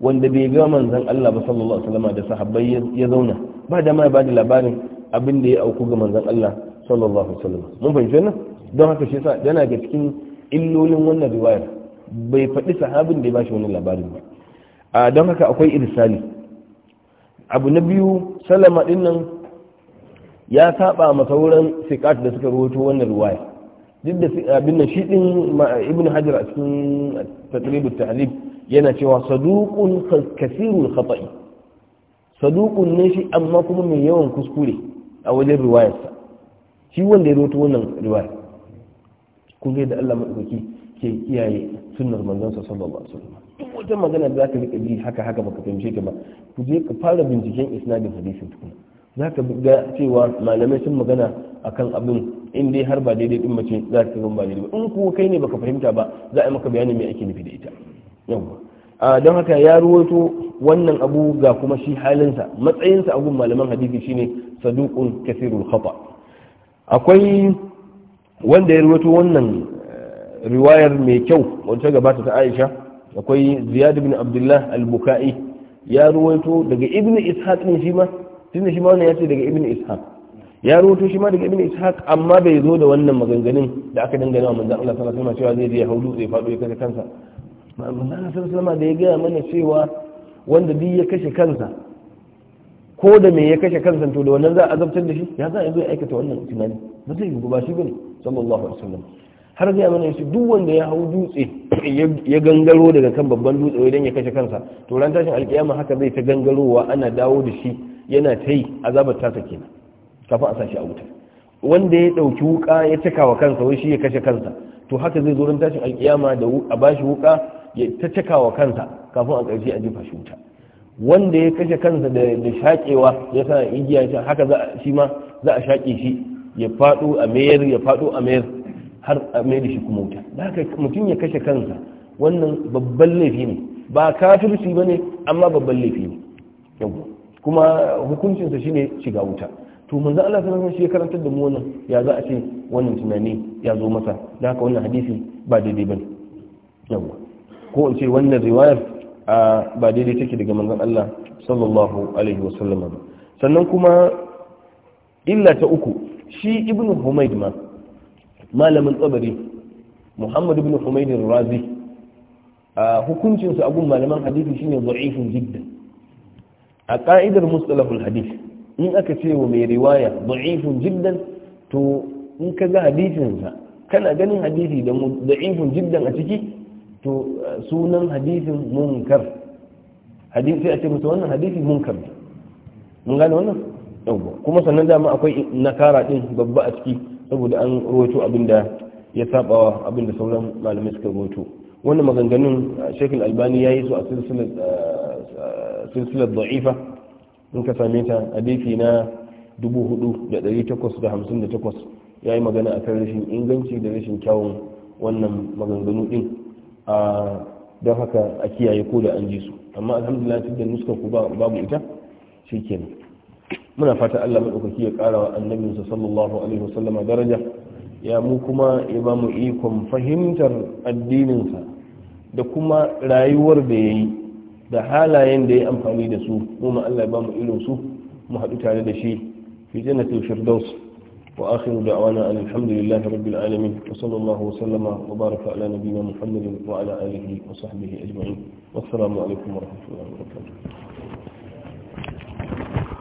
wanda bai ga manzan Allah ba sallallahu alaihi wasallam da sahabbai ya zauna ba da mai ba da labarin abin da ya auku ga manzan Allah sallallahu alaihi wasallam mun fahimci wannan don haka shi yasa yana ga cikin illolin wannan riwayar bai faɗi sahabin da ya bashi wannan labarin ba don haka akwai irsali abu na biyu salama dinnan ya saba ma sauran sikat da suka rubuto wannan ruwaya duk da abin nan shi din ibn hajar a cikin tatribut ta'lib yana cewa saduqun kasirul khata'i saduqun ne shi amma kuma mai yawan kuskure a wajen sa shi wanda ya rubuto wannan riwaya kun ga da Allah madauki ke kiyaye sunnar sa sallallahu alaihi wasallam duk wata magana da zaka rika ji haka haka baka fahimce ta ba ku je ka fara binciken isnadin hadisin tukuna za ka ga cewa malamai sun magana akan abin in dai har ba daidai din mace za ka ba daidai ba in kuwa kai ne baka fahimta ba za a maka bayanin me ake nufi da ita yawwa don haka ya ruwato wannan abu ga kuma shi halinsa matsayinsa abun malaman hadisi shine saduqun kathirul khata akwai wanda ya ruwato wannan eh, riwayar mai kyau wacce gabata ta Aisha akwai Ziyad ibn Abdullah al-Bukai ya daga Ibn Ishaq ne shi tun da shi ma wannan ya ce daga ibn ishaq ya rubuto shi ma daga ibn ishaq amma bai zo da wannan maganganun da aka dangana wa manzon Allah sallallahu alaihi wasallam cewa zai je haudu zai fado ya kashe kansa manzon Allah sallallahu alaihi wasallam da ya gaya mana cewa wanda bi ya kashe kansa ko da me ya kashe kansa to da wannan za a azabtar da shi ya za a zo ya aikata wannan tunani ba zai yi ba shi bane sallallahu alaihi wasallam har zai mana shi duk wanda ya hau dutse ya gangaro daga kan babban dutse wai dan ya kashe kansa to ran tashin alkiyama haka zai ta gangarowa ana dawo da shi yana ta yi azabar tasa ke kafin a sashi a wuta wanda ya ɗauki wuka ya cika wa kansa wai shi ya kashe kansa to haka zai zo tashin alƙiyama da a shi wuka ya ta cika wa kansa kafin a ƙarshe a jifa shi wuta wanda ya kashe kansa da shaƙewa ya sa igiya shi haka za a shi ma za a shaƙe shi ya faɗo a mayar ya faɗo a mayar har a mayar shi kuma wuta da haka mutum ya kashe kansa wannan babban laifi ne ba kafirci ba ne amma babban laifi ne yawwa kuma hukuncinsa shine shiga wuta to manzo Allah sallallahu alaihi wasallam shi karantar da mu wannan ya za a ce wannan tunani ya zo masa da haka wannan hadisi ba daidai bane yawa ko in ce wannan riwayar ba daidai take daga manzon Allah sallallahu alaihi wasallam sannan kuma illa ta uku shi ibnu humayd ma malamin tsabari muhammad ibnu humayd razi hukuncinsa abun malaman hadisi shine da'ifun jiddan a ka'idar mustalahul hadith in aka ce wa mai riwaya da'ifun jiddan to in ka ga hadithinsa kana ganin hadithi da da'ifun jiddan a ciki to eh, sunan hadithin munkar hadithi a ce mutu wannan hadithi munkar ne mun gane wannan yawwa kuma sannan dama akwai nakara din babba a ciki saboda an rawaito abinda ya saba abinda sauran malamai suka rawaito wannan maganganun eh, shekul albani albani yayi su a silsilar eh, silsilar da'ifa in ka same ta hadisi na 4858 ya yi magana akan rashin inganci da rashin kyawun wannan maganganu din a don haka a kiyaye ko da an ji su amma alhamdulillah da nuskar ku babu ita shi kenan muna fata allah maɗaukaki ya ƙara wa annabinsa sallallahu alaihi wasallama daraja ya mu kuma ya ba mu ikon fahimtar addininsa da kuma rayuwar da ya yi da halayen da ya amfani da su kuma Allah ba mu irin su mu haɗu tare da shi fi jannatul firdaus wa akhiru da'wana alhamdulillahi rabbil alamin wa sallallahu wa sallama wa baraka ala nabiyyina muhammadin wa ala alihi wa sahbihi ajma'in wassalamu alaikum wa rahmatullahi wa barakatuh